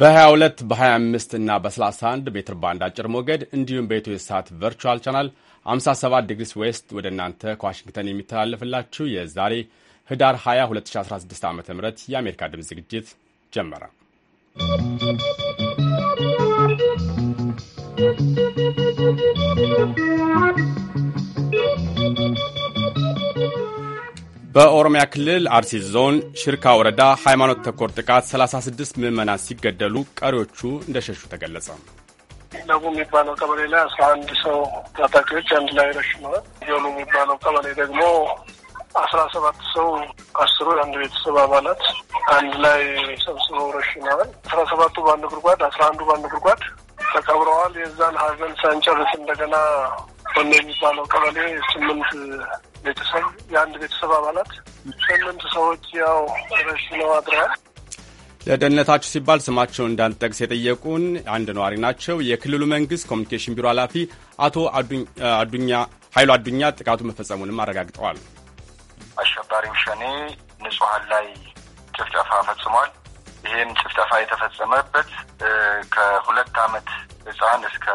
በ22 በ25 እና በ31 ሜትር ባንድ አጭር ሞገድ እንዲሁም በኢትዮ ሳት ቨርቹዋል ቻናል 57 ዲግሪስ ዌስት ወደ እናንተ ከዋሽንግተን የሚተላለፍላችሁ የዛሬ ህዳር 20 2016 ዓ ም የአሜሪካ ድምፅ ዝግጅት ጀመረ። ¶¶ በኦሮሚያ ክልል አርሲ ዞን ሽርካ ወረዳ ሃይማኖት ተኮር ጥቃት 36 ምዕመናን ሲገደሉ ቀሪዎቹ እንደሸሹ ተገለጸ። ለቡ የሚባለው ቀበሌ ላይ አስራ አንድ ሰው ታጣቂዎች አንድ ላይ ረሽነዋል። ጆኑ የሚባለው ቀበሌ ደግሞ አስራ ሰባት ሰው አስሩ የአንድ ቤተሰብ አባላት አንድ ላይ ሰብስበው ረሽነዋል። አስራ ሰባቱ በአንድ ጉድጓድ፣ አስራ አንዱ በአንድ ጉድጓድ ተቀብረዋል። የዛን ሀዘን ሳንጨርስ እንደገና ቆሎ የሚባለው ቀበሌ ስምንት ቤተሰብ የአንድ ቤተሰብ አባላት ስምንት ሰዎች ያው ረሽነው አድረዋል። ለደህንነታቸው ሲባል ስማቸው እንዳንጠቅስ የጠየቁን አንድ ነዋሪ ናቸው። የክልሉ መንግስት ኮሚኒኬሽን ቢሮ ኃላፊ አቶ አዱኛ ኃይሉ አዱኛ ጥቃቱ መፈጸሙንም አረጋግጠዋል። አሸባሪው ሸኔ ንጹሐን ላይ ጭፍጨፋ ፈጽሟል። ይህም ጭፍጨፋ የተፈጸመበት ከሁለት ዓመት ህፃን እስከ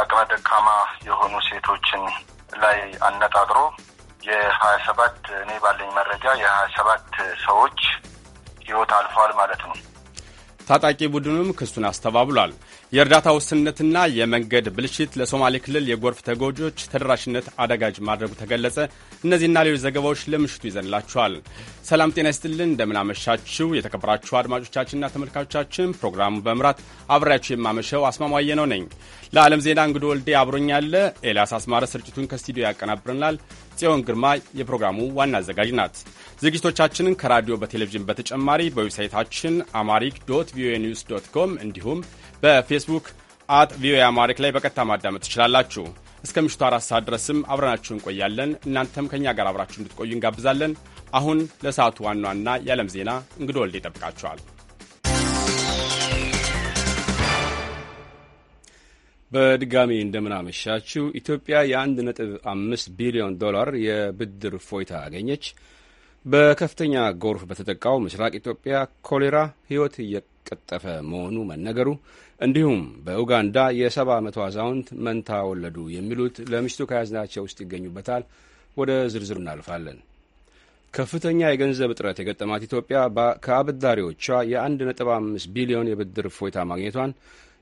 አቅመ ደካማ የሆኑ ሴቶችን ላይ አነጣጥሮ የሀያ ሰባት እኔ ባለኝ መረጃ የሀያ ሰባት ሰዎች ህይወት አልፏል ማለት ነው። ታጣቂ ቡድኑም ክሱን አስተባብሏል። የእርዳታ ውስንነትና የመንገድ ብልሽት ለሶማሌ ክልል የጎርፍ ተጎጆች ተደራሽነት አዳጋጅ ማድረጉ ተገለጸ። እነዚህና ሌሎች ዘገባዎች ለምሽቱ ይዘንላችኋል። ሰላም ጤና ይስጥልን፣ እንደምናመሻችው የተከበራችሁ አድማጮቻችንና ተመልካቾቻችን ፕሮግራሙ በመምራት አብሬያችሁ የማመሸው አስማማየ ነው ነኝ። ለዓለም ዜና እንግዶ ወልዴ አብሮኛለ። ኤልያስ አስማረ ስርጭቱን ከስቱዲዮ ያቀናብርናል ጽዮን ግርማ የፕሮግራሙ ዋና አዘጋጅ ናት። ዝግጅቶቻችንን ከራዲዮ በቴሌቪዥን በተጨማሪ በዌብሳይታችን አማሪክ ዶት ቪኦኤ ኒውስ ዶት ኮም እንዲሁም በፌስቡክ አት ቪኦኤ አማሪክ ላይ በቀጥታ ማዳመጥ ትችላላችሁ። እስከ ምሽቱ አራት ሰዓት ድረስም አብረናችሁ እንቆያለን። እናንተም ከእኛ ጋር አብራችሁ እንድትቆዩ እንጋብዛለን። አሁን ለሰዓቱ ዋና ዋና የዓለም ዜና እንግዶ ወልዴ ይጠብቃችኋል። በድጋሚ እንደምናመሻችው ኢትዮጵያ የአንድ ነጥብ አምስት ቢሊዮን ዶላር የብድር ፎይታ አገኘች። በከፍተኛ ጎርፍ በተጠቃው ምስራቅ ኢትዮጵያ ኮሌራ ሕይወት እየቀጠፈ መሆኑ መነገሩ፣ እንዲሁም በኡጋንዳ የሰባ ዓመቷ አዛውንት መንታ ወለዱ የሚሉት ለምሽቱ ከያዝናቸው ውስጥ ይገኙበታል። ወደ ዝርዝሩ እናልፋለን። ከፍተኛ የገንዘብ እጥረት የገጠማት ኢትዮጵያ ከአበዳሪዎቿ የ1.5 ቢሊዮን የብድር ፎይታ ማግኘቷን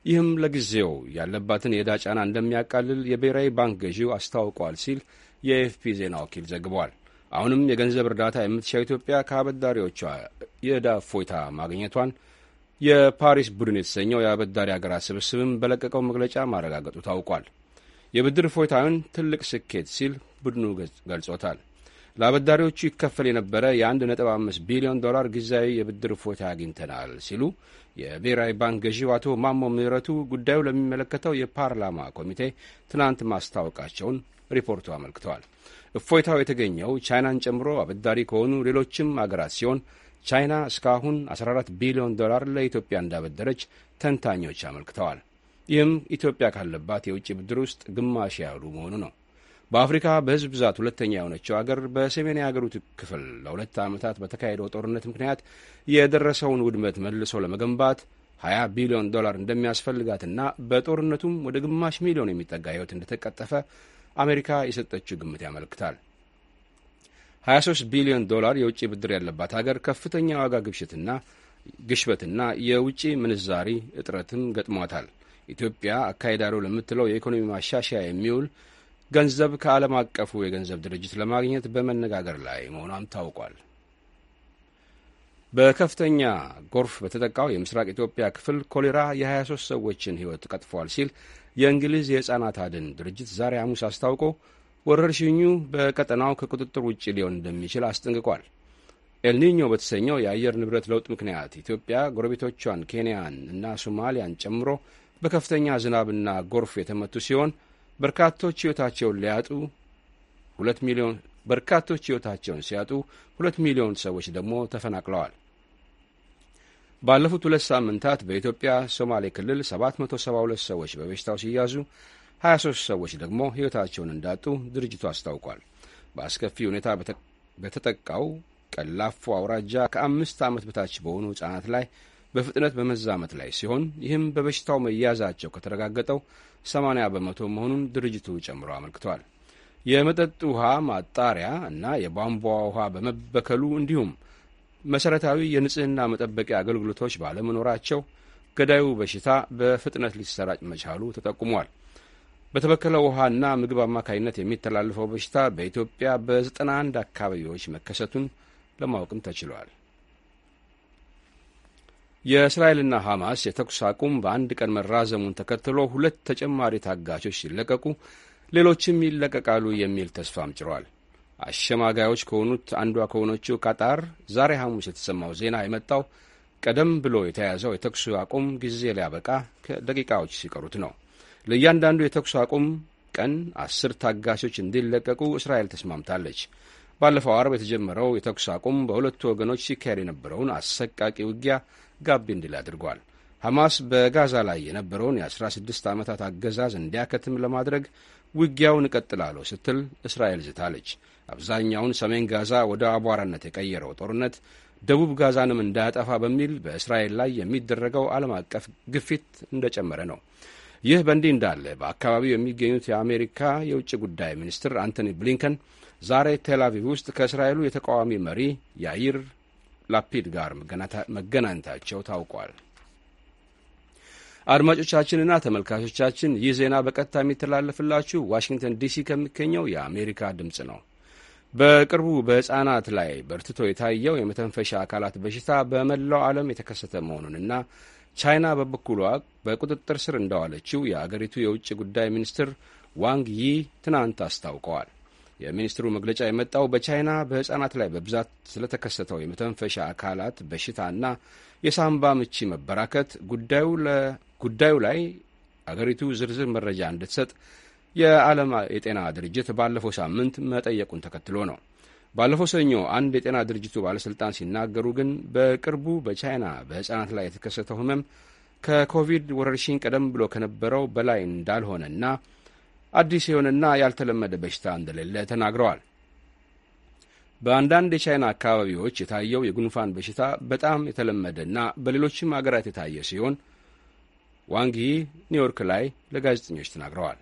ይህም ለጊዜው ያለባትን የዕዳ ጫና እንደሚያቃልል የብሔራዊ ባንክ ገዢው አስታውቋል ሲል የኤፍፒ ዜና ወኪል ዘግቧል። አሁንም የገንዘብ እርዳታ የምትሻው ኢትዮጵያ ከአበዳሪዎቿ የዕዳ እፎይታ ማግኘቷን የፓሪስ ቡድን የተሰኘው የአበዳሪ አገራት ስብስብም በለቀቀው መግለጫ ማረጋገጡ ታውቋል። የብድር እፎይታውን ትልቅ ስኬት ሲል ቡድኑ ገልጾታል። ለአበዳሪዎቹ ይከፈል የነበረ የ1.5 ቢሊዮን ዶላር ጊዜያዊ የብድር እፎይታ አግኝተናል ሲሉ የብሔራዊ ባንክ ገዢው አቶ ማሞ ምህረቱ ጉዳዩ ለሚመለከተው የፓርላማ ኮሚቴ ትናንት ማስታወቃቸውን ሪፖርቱ አመልክተዋል። እፎይታው የተገኘው ቻይናን ጨምሮ አበዳሪ ከሆኑ ሌሎችም አገራት ሲሆን ቻይና እስካሁን 14 ቢሊዮን ዶላር ለኢትዮጵያ እንዳበደረች ተንታኞች አመልክተዋል። ይህም ኢትዮጵያ ካለባት የውጭ ብድር ውስጥ ግማሽ ያሉ መሆኑ ነው። በአፍሪካ በህዝብ ብዛት ሁለተኛ የሆነችው አገር በሰሜን የአገሪቱ ክፍል ለሁለት ዓመታት በተካሄደው ጦርነት ምክንያት የደረሰውን ውድመት መልሶ ለመገንባት 20 ቢሊዮን ዶላር እንደሚያስፈልጋትና በጦርነቱም ወደ ግማሽ ሚሊዮን የሚጠጋ ህይወት እንደተቀጠፈ አሜሪካ የሰጠችው ግምት ያመለክታል። 23 ቢሊዮን ዶላር የውጭ ብድር ያለባት አገር ከፍተኛ ዋጋ ግብሽትና ግሽበትና የውጭ ምንዛሪ እጥረትም ገጥሟታል። ኢትዮጵያ አካሄዳለሁ ለምትለው የኢኮኖሚ ማሻሻያ የሚውል ገንዘብ ከዓለም አቀፉ የገንዘብ ድርጅት ለማግኘት በመነጋገር ላይ መሆኗም ታውቋል። በከፍተኛ ጎርፍ በተጠቃው የምስራቅ ኢትዮጵያ ክፍል ኮሌራ የ23 ሰዎችን ሕይወት ቀጥፏል ሲል የእንግሊዝ የሕፃናት አድን ድርጅት ዛሬ ሐሙስ አስታውቆ ወረርሽኙ በቀጠናው ከቁጥጥር ውጭ ሊሆን እንደሚችል አስጠንቅቋል። ኤልኒኞ በተሰኘው የአየር ንብረት ለውጥ ምክንያት ኢትዮጵያ ጎረቤቶቿን ኬንያን እና ሶማሊያን ጨምሮ በከፍተኛ ዝናብና ጎርፍ የተመቱ ሲሆን በርካቶች ሕይወታቸውን ሊያጡ ሁለት ሚሊዮን በርካቶች ሕይወታቸውን ሲያጡ ሁለት ሚሊዮን ሰዎች ደግሞ ተፈናቅለዋል። ባለፉት ሁለት ሳምንታት በኢትዮጵያ ሶማሌ ክልል 772 ሰዎች በበሽታው ሲያዙ 23 ሰዎች ደግሞ ሕይወታቸውን እንዳጡ ድርጅቱ አስታውቋል። በአስከፊ ሁኔታ በተጠቃው ቀላፎ አውራጃ ከአምስት ዓመት በታች በሆኑ ሕጻናት ላይ በፍጥነት በመዛመት ላይ ሲሆን ይህም በበሽታው መያዛቸው ከተረጋገጠው 80 በመቶ መሆኑን ድርጅቱ ጨምሮ አመልክቷል። የመጠጥ ውሃ ማጣሪያ እና የቧንቧ ውሃ በመበከሉ እንዲሁም መሠረታዊ የንጽህና መጠበቂያ አገልግሎቶች ባለመኖራቸው ገዳዩ በሽታ በፍጥነት ሊሰራጭ መቻሉ ተጠቁሟል። በተበከለ ውሃና ምግብ አማካኝነት የሚተላለፈው በሽታ በኢትዮጵያ በ91 አካባቢዎች መከሰቱን ለማወቅም ተችሏል። የእስራኤልና ሐማስ የተኩስ አቁም በአንድ ቀን መራዘሙን ተከትሎ ሁለት ተጨማሪ ታጋቾች ሲለቀቁ ሌሎችም ይለቀቃሉ የሚል ተስፋም ጭሯል። አሸማጋዮች ከሆኑት አንዷ ከሆነችው ቃጣር ዛሬ ሐሙስ የተሰማው ዜና የመጣው ቀደም ብሎ የተያዘው የተኩስ አቁም ጊዜ ሊያበቃ ከደቂቃዎች ሲቀሩት ነው። ለእያንዳንዱ የተኩስ አቁም ቀን አስር ታጋቾች እንዲለቀቁ እስራኤል ተስማምታለች። ባለፈው አርብ የተጀመረው የተኩስ አቁም በሁለቱ ወገኖች ሲካሄድ የነበረውን አሰቃቂ ውጊያ ጋቢ እንዲል አድርጓል። ሐማስ በጋዛ ላይ የነበረውን የ16 ዓመታት አገዛዝ እንዲያከትም ለማድረግ ውጊያውን እቀጥላለሁ ስትል እስራኤል ዝታለች። አብዛኛውን ሰሜን ጋዛ ወደ አቧራነት የቀየረው ጦርነት ደቡብ ጋዛንም እንዳያጠፋ በሚል በእስራኤል ላይ የሚደረገው ዓለም አቀፍ ግፊት እንደጨመረ ነው። ይህ በእንዲህ እንዳለ በአካባቢው የሚገኙት የአሜሪካ የውጭ ጉዳይ ሚኒስትር አንቶኒ ብሊንከን ዛሬ ቴል አቪቭ ውስጥ ከእስራኤሉ የተቃዋሚ መሪ ያይር ላፒድ ጋር መገናኘታቸው ታውቋል። አድማጮቻችንና ተመልካቾቻችን ይህ ዜና በቀጥታ የሚተላለፍላችሁ ዋሽንግተን ዲሲ ከሚገኘው የአሜሪካ ድምፅ ነው። በቅርቡ በሕፃናት ላይ በርትቶ የታየው የመተንፈሻ አካላት በሽታ በመላው ዓለም የተከሰተ መሆኑንና ቻይና በበኩሏ በቁጥጥር ስር እንዳዋለችው የአገሪቱ የውጭ ጉዳይ ሚኒስትር ዋንግ ይ ትናንት አስታውቀዋል። የሚኒስትሩ መግለጫ የመጣው በቻይና በሕፃናት ላይ በብዛት ስለተከሰተው የመተንፈሻ አካላት በሽታና የሳምባ ምቺ መበራከት ጉዳዩ ላይ አገሪቱ ዝርዝር መረጃ እንድትሰጥ የዓለም የጤና ድርጅት ባለፈው ሳምንት መጠየቁን ተከትሎ ነው። ባለፈው ሰኞ አንድ የጤና ድርጅቱ ባለሥልጣን ሲናገሩ ግን በቅርቡ በቻይና በሕፃናት ላይ የተከሰተው ህመም ከኮቪድ ወረርሽኝ ቀደም ብሎ ከነበረው በላይ እንዳልሆነና አዲስ የሆነና ያልተለመደ በሽታ እንደሌለ ተናግረዋል። በአንዳንድ የቻይና አካባቢዎች የታየው የጉንፋን በሽታ በጣም የተለመደና በሌሎችም አገራት የታየ ሲሆን ዋንጊ ኒውዮርክ ላይ ለጋዜጠኞች ተናግረዋል።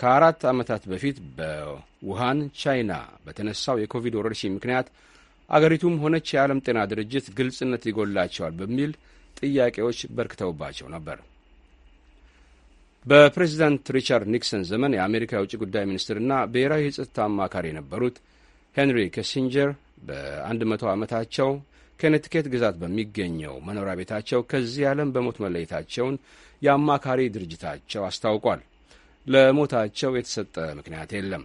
ከአራት ዓመታት በፊት በውሃን ቻይና በተነሳው የኮቪድ ወረርሽኝ ምክንያት አገሪቱም ሆነች የዓለም ጤና ድርጅት ግልጽነት ይጎላቸዋል በሚል ጥያቄዎች በርክተውባቸው ነበር። በፕሬዚዳንት ሪቻርድ ኒክሰን ዘመን የአሜሪካ የውጭ ጉዳይ ሚኒስትርና ብሔራዊ የጸጥታ አማካሪ የነበሩት ሄንሪ ኪሲንጀር በ100 ዓመታቸው ከኔቲኬት ግዛት በሚገኘው መኖሪያ ቤታቸው ከዚህ ዓለም በሞት መለየታቸውን የአማካሪ ድርጅታቸው አስታውቋል። ለሞታቸው የተሰጠ ምክንያት የለም።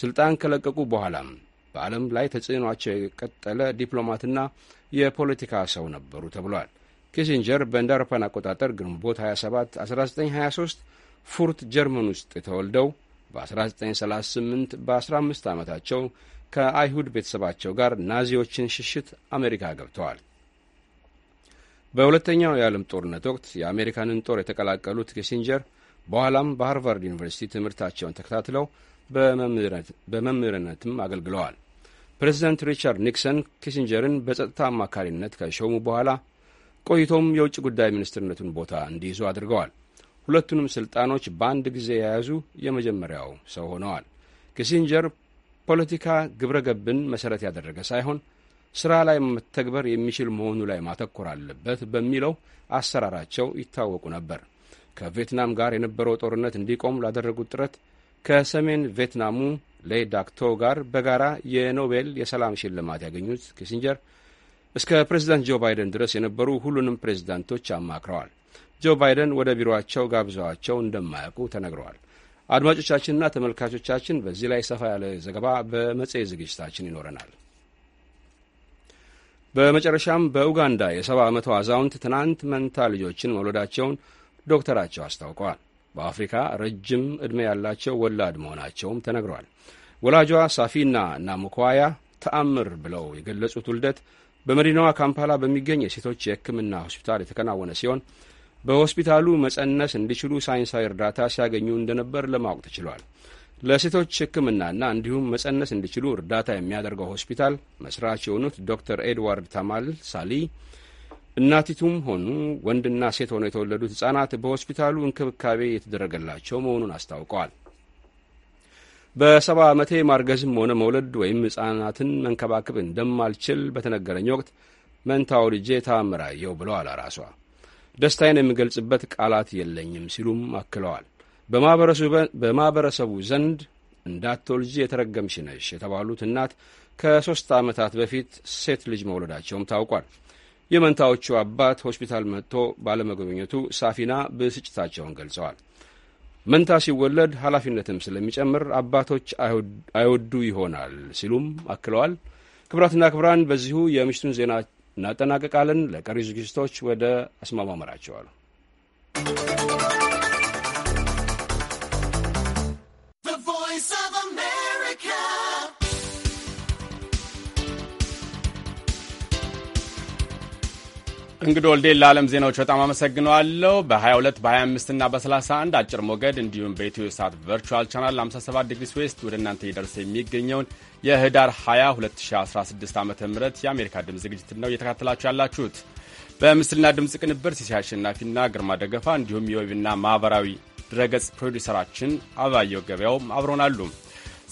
ስልጣን ከለቀቁ በኋላም በዓለም ላይ ተጽዕኗቸው የቀጠለ ዲፕሎማትና የፖለቲካ ሰው ነበሩ ተብሏል። ኪሲንጀር በእንደ አውሮፓን አቆጣጠር ግንቦት 27 1923 ፉርት ጀርመን ውስጥ ተወልደው በ1938 በ15 ዓመታቸው ከአይሁድ ቤተሰባቸው ጋር ናዚዎችን ሽሽት አሜሪካ ገብተዋል። በሁለተኛው የዓለም ጦርነት ወቅት የአሜሪካንን ጦር የተቀላቀሉት ኪሲንጀር በኋላም በሃርቫርድ ዩኒቨርሲቲ ትምህርታቸውን ተከታትለው በመምህርነትም አገልግለዋል። ፕሬዚዳንት ሪቻርድ ኒክሰን ኪሲንጀርን በጸጥታ አማካሪነት ከሾሙ በኋላ ቆይቶም የውጭ ጉዳይ ሚኒስትርነቱን ቦታ እንዲይዙ አድርገዋል። ሁለቱንም ስልጣኖች በአንድ ጊዜ የያዙ የመጀመሪያው ሰው ሆነዋል። ኪሲንጀር ፖለቲካ ግብረ ገብን መሠረት ያደረገ ሳይሆን ሥራ ላይ መተግበር የሚችል መሆኑ ላይ ማተኮር አለበት በሚለው አሰራራቸው ይታወቁ ነበር። ከቪየትናም ጋር የነበረው ጦርነት እንዲቆም ላደረጉት ጥረት ከሰሜን ቪየትናሙ ሌዳክቶ ዳክቶ ጋር በጋራ የኖቤል የሰላም ሽልማት ያገኙት ኪሲንጀር እስከ ፕሬዚዳንት ጆ ባይደን ድረስ የነበሩ ሁሉንም ፕሬዚዳንቶች አማክረዋል። ጆ ባይደን ወደ ቢሮአቸው ጋብዘዋቸው እንደማያውቁ ተነግረዋል። አድማጮቻችንና ተመልካቾቻችን በዚህ ላይ ሰፋ ያለ ዘገባ በመጽሔት ዝግጅታችን ይኖረናል። በመጨረሻም በኡጋንዳ የሰባ ዓመቷ አዛውንት ትናንት መንታ ልጆችን መውለዳቸውን ዶክተራቸው አስታውቀዋል። በአፍሪካ ረጅም ዕድሜ ያላቸው ወላድ መሆናቸውም ተነግረዋል። ወላጇ ሳፊና ናሙኳያ ተአምር ብለው የገለጹት ውልደት በመዲናዋ ካምፓላ በሚገኝ የሴቶች የሕክምና ሆስፒታል የተከናወነ ሲሆን በሆስፒታሉ መጸነስ እንዲችሉ ሳይንሳዊ እርዳታ ሲያገኙ እንደነበር ለማወቅ ተችሏል። ለሴቶች ሕክምናና እንዲሁም መጸነስ እንዲችሉ እርዳታ የሚያደርገው ሆስፒታል መስራች የሆኑት ዶክተር ኤድዋርድ ታማል ሳሊ እናቲቱም ሆኑ ወንድና ሴት ሆነው የተወለዱት ህጻናት በሆስፒታሉ እንክብካቤ የተደረገላቸው መሆኑን አስታውቀዋል። በሰባ ዓመቴ ማርገዝም ሆነ መውለድ ወይም ህጻናትን መንከባከብ እንደማልችል በተነገረኝ ወቅት መንታው ልጄ ታምራየው ብለዋል አራሷ ደስታዬን የምገልጽበት ቃላት የለኝም ሲሉም አክለዋል። በማኅበረሰቡ ዘንድ እንዳትወልጂ የተረገምሽ ነሽ የተባሉት እናት ከሦስት ዓመታት በፊት ሴት ልጅ መውለዳቸውም ታውቋል። የመንታዎቹ አባት ሆስፒታል መጥቶ ባለመጎብኘቱ ሳፊና ብስጭታቸውን ገልጸዋል። መንታ ሲወለድ ኃላፊነትም ስለሚጨምር አባቶች አይወዱ ይሆናል ሲሉም አክለዋል። ክብራትና ክብራን በዚሁ የምሽቱን ዜና እናጠናቀቃለን። ለቀሪ ዝግጅቶች ወደ አስማማ መራቸዋለሁ። እንግዲህ ወልዴ ለዓለም ዜናዎች በጣም አመሰግነዋለሁ። በ22 በ25 ና በ31 አጭር ሞገድ እንዲሁም በኢትዮ ሳት ቨርቹዋል ቻናል 57 ዲግሪ ስዌስት ወደ እናንተ እየደረሰ የሚገኘውን የህዳር 20 2016 ዓ ም የአሜሪካ ድምፅ ዝግጅት ነው እየተካተላችሁ ያላችሁት። በምስልና ድምፅ ቅንብር ሲሲ አሸናፊና ግርማ ደገፋ እንዲሁም የዌብና ማኅበራዊ ድረገጽ ፕሮዲሰራችን አባየው ገበያው አብረናሉ።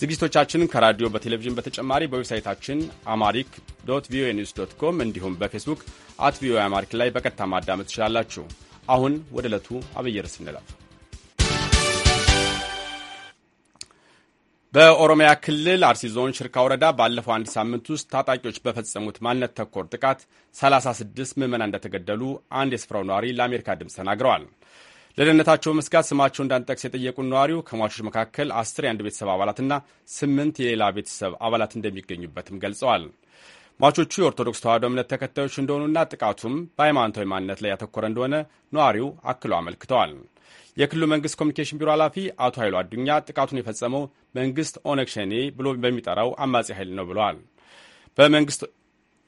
ዝግጅቶቻችንን ከራዲዮ በቴሌቪዥን በተጨማሪ በዌብሳይታችን አማሪክ ዶት ቪኦኤ ኒውስ ዶት ኮም እንዲሁም በፌስቡክ አት ቪኦኤ አማሪክ ላይ በቀጥታ ማዳመጥ ትችላላችሁ። አሁን ወደ ዕለቱ አብይ ርዕስ እንለፍ። በኦሮሚያ ክልል አርሲ ዞን ሽርካ ወረዳ ባለፈው አንድ ሳምንት ውስጥ ታጣቂዎች በፈጸሙት ማንነት ተኮር ጥቃት 36 ምዕመናን እንደተገደሉ አንድ የስፍራው ነዋሪ ለአሜሪካ ድምፅ ተናግረዋል። ለደህንነታቸው በመስጋት ስማቸው እንዳንጠቅስ የጠየቁን ነዋሪው ከሟቾች መካከል አስር የአንድ ቤተሰብ አባላትና ስምንት የሌላ ቤተሰብ አባላት እንደሚገኙበትም ገልጸዋል። ሟቾቹ የኦርቶዶክስ ተዋሕዶ እምነት ተከታዮች እንደሆኑና ጥቃቱም በሃይማኖታዊ ማንነት ላይ ያተኮረ እንደሆነ ነዋሪው አክሎ አመልክተዋል። የክልሉ መንግስት ኮሚኒኬሽን ቢሮ ኃላፊ አቶ ኃይሉ አዱኛ ጥቃቱን የፈጸመው መንግስት ኦነግ ሸኔ ብሎ በሚጠራው አማጺ ኃይል ነው ብለዋል። በመንግስት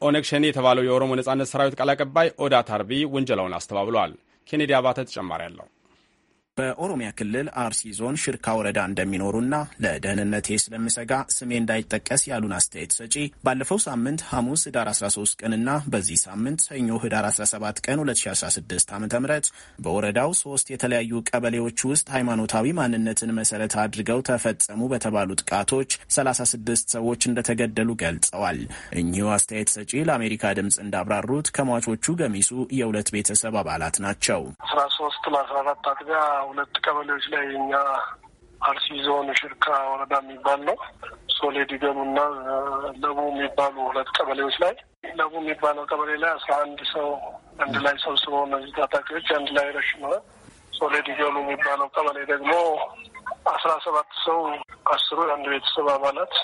ኦነግ ሸኔ የተባለው የኦሮሞ ነጻነት ሰራዊት ቃል አቀባይ ኦዳ ታርቢ ውንጀላውን አስተባብሏል። ኬኔዲ አባተ ተጨማሪ አለው። በኦሮሚያ ክልል አርሲ ዞን ሽርካ ወረዳ እንደሚኖሩና ለደህንነቴ ስለምሰጋ ስሜ እንዳይጠቀስ ያሉን አስተያየት ሰጪ ባለፈው ሳምንት ሐሙስ ህዳር 13 ቀንና በዚህ ሳምንት ሰኞ ህዳር 17 ቀን 2016 ዓ ም በወረዳው ሶስት የተለያዩ ቀበሌዎች ውስጥ ሃይማኖታዊ ማንነትን መሰረት አድርገው ተፈጸሙ በተባሉ ጥቃቶች 36 ሰዎች እንደተገደሉ ገልጸዋል። እኚሁ አስተያየት ሰጪ ለአሜሪካ ድምፅ እንዳብራሩት ከሟቾቹ ገሚሱ የሁለት ቤተሰብ አባላት ናቸው። 13 ለ14 አጥቢያ ሁለት ቀበሌዎች ላይ እኛ አርሲ ዞን ሽርካ ወረዳ የሚባል ነው። ሶሌዲገም እና ለቡ የሚባሉ ሁለት ቀበሌዎች ላይ ለቡ የሚባለው ቀበሌ ላይ አስራ አንድ ሰው አንድ ላይ ሰብስበው እነዚህ ታጣቂዎች አንድ ላይ ረሽመዋል። ሶሌዲገሉ የሚባለው ቀበሌ ደግሞ አስራ ሰባት ሰው አስሩ የአንድ ቤተሰብ አባላት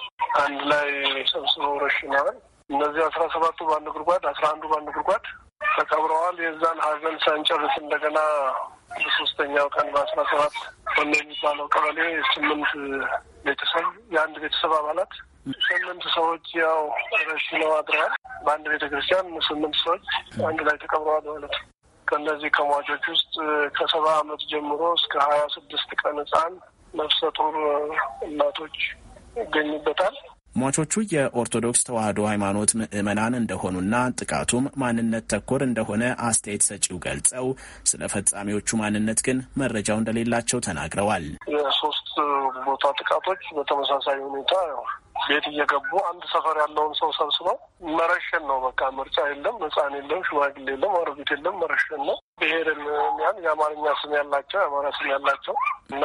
አንድ ላይ ሰብስበው ረሽነዋል። እነዚህ አስራ ሰባቱ በአንድ ጉድጓድ፣ አስራ አንዱ በአንድ ጉድጓድ ተቀብረዋል። የዛን ሀዘን ሳንጨርስ እንደገና የሶስተኛው ቀን በአስራ ሰባት ወላ የሚባለው ቀበሌ ስምንት ቤተሰብ የአንድ ቤተሰብ አባላት ስምንት ሰዎች ያው ረሽነው አድረዋል። በአንድ ቤተ ክርስቲያን ስምንት ሰዎች አንድ ላይ ተቀብረዋል ማለት ነው። ከእነዚህ ከሟቾች ውስጥ ከሰባ አመት ጀምሮ እስከ ሀያ ስድስት ቀን ህፃን፣ ነፍሰ ጡር እናቶች ይገኙበታል። ሟቾቹ የኦርቶዶክስ ተዋሕዶ ሃይማኖት ምዕመናን እንደሆኑና ጥቃቱም ማንነት ተኮር እንደሆነ አስተያየት ሰጪው ገልጸው ስለ ፈጻሚዎቹ ማንነት ግን መረጃው እንደሌላቸው ተናግረዋል። ሶስት ቦታ ጥቃቶች በተመሳሳይ ሁኔታ ቤት እየገቡ አንድ ሰፈር ያለውን ሰው ሰብስበው መረሸን ነው። በቃ ምርጫ የለም፣ ህፃን የለም፣ ሽማግሌ የለም፣ አሮጊት የለም፣ መረሸን ነው። ብሄርን ያን የአማርኛ ስም ያላቸው የአማራ ስም ያላቸው እና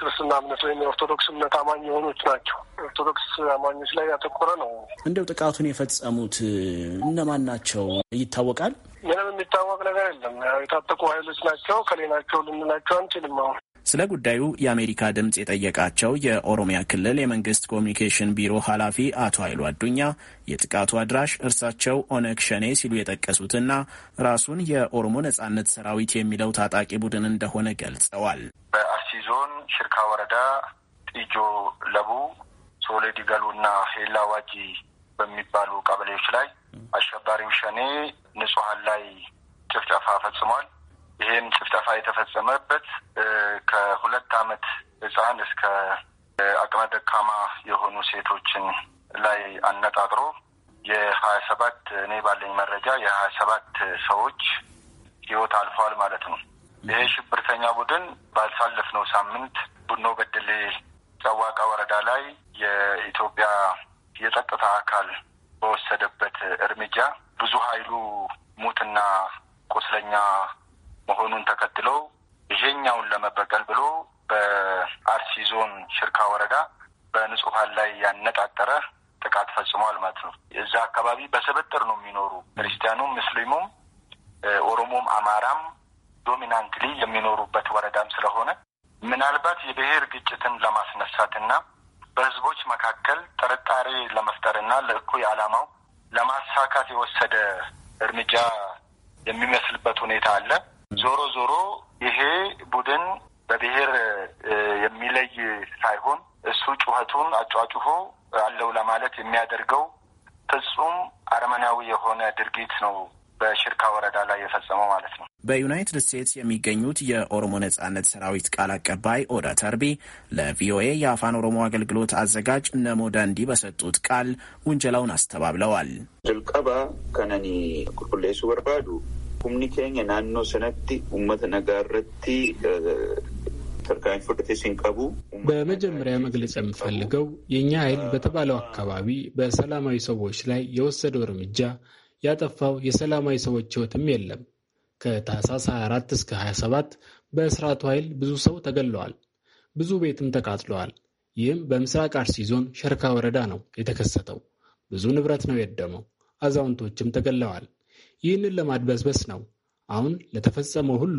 ክርስትና እምነት ወይም የኦርቶዶክስ እምነት አማኝ የሆኖች ናቸው። ኦርቶዶክስ አማኞች ላይ ያተኮረ ነው። እንደው ጥቃቱን የፈጸሙት እነማን ናቸው ይታወቃል? ምንም የሚታወቅ ነገር የለም። የታጠቁ ኃይሎች ናቸው። ከሌናቸው ልንላቸው አንችልም አሁን ስለ ጉዳዩ የአሜሪካ ድምፅ የጠየቃቸው የኦሮሚያ ክልል የመንግስት ኮሚኒኬሽን ቢሮ ኃላፊ አቶ ኃይሉ አዱኛ የጥቃቱ አድራሽ እርሳቸው ኦነግ ሸኔ ሲሉ የጠቀሱትና ራሱን የኦሮሞ ነጻነት ሰራዊት የሚለው ታጣቂ ቡድን እንደሆነ ገልጸዋል። በአርሲ ዞን ሽርካ ወረዳ ጢጆ ለቡ፣ ገሉ እና ሄላ ዋጂ በሚባሉ ቀበሌዎች ላይ አሸባሪው ሸኔ ንጹሀን ላይ ጭፍጨፋ ፈጽሟል። ይህን ጭፍጨፋ የተፈጸመበት ከሁለት አመት ህፃን እስከ አቅመ ደካማ የሆኑ ሴቶችን ላይ አነጣጥሮ የሀያ ሰባት እኔ ባለኝ መረጃ የሀያ ሰባት ሰዎች ህይወት አልፏል ማለት ነው። ይህ ሽብርተኛ ቡድን ባሳለፍነው ሳምንት ቡኖ በድሌ ጨዋቃ ወረዳ ላይ የኢትዮጵያ የጸጥታ አካል በወሰደበት እርምጃ ብዙ ኃይሉ ሙትና ቁስለኛ መሆኑን ተከትለው ይሄኛውን ለመበቀል ብሎ በአርሲ ዞን ሽርካ ወረዳ በንጹሀን ላይ ያነጣጠረ ጥቃት ፈጽሟል ማለት ነው። እዛ አካባቢ በስብጥር ነው የሚኖሩ ክርስቲያኑም፣ ሙስሊሙም፣ ኦሮሞም አማራም ዶሚናንትሊ የሚኖሩበት ወረዳም ስለሆነ ምናልባት የብሔር ግጭትን ለማስነሳትና በህዝቦች መካከል ጥርጣሬ ለመፍጠርና ለእኩይ ዓላማው ለማሳካት የወሰደ እርምጃ የሚመስልበት ሁኔታ አለ። ዞሮ ዞሮ ይሄ ቡድን በብሔር የሚለይ ሳይሆን እሱ ጩኸቱን አጫጩፎ አለው ለማለት የሚያደርገው ፍጹም አረመናዊ የሆነ ድርጊት ነው በሽርካ ወረዳ ላይ የፈጸመው ማለት ነው። በዩናይትድ ስቴትስ የሚገኙት የኦሮሞ ነጻነት ሰራዊት ቃል አቀባይ ኦዳ ተርቢ ለቪኦኤ የአፋን ኦሮሞ አገልግሎት አዘጋጅ ነሞ ዳንዲ በሰጡት ቃል ውንጀላውን አስተባብለዋል። ጅልቀባ ከነኒ ቁልቁሌሱ በርባዱ Humni keenya naannoo sanatti uummata nagaa irratti eh, በመጀመሪያ መግለጽ የምፈልገው የእኛ ኃይል በተባለው አካባቢ በሰላማዊ ሰዎች ላይ የወሰደው እርምጃ ያጠፋው የሰላማዊ ሰዎች ሕይወትም የለም። ከታህሳስ 24 እስከ 27 በስርዓቱ ኃይል ብዙ ሰው ተገለዋል፣ ብዙ ቤትም ተቃጥለዋል። ይህም በምስራቅ አርሲ ዞን ሸርካ ወረዳ ነው የተከሰተው። ብዙ ንብረት ነው የወደመው፣ አዛውንቶችም ተገለዋል። ይህንን ለማድበስበስ ነው አሁን ለተፈጸመው ሁሉ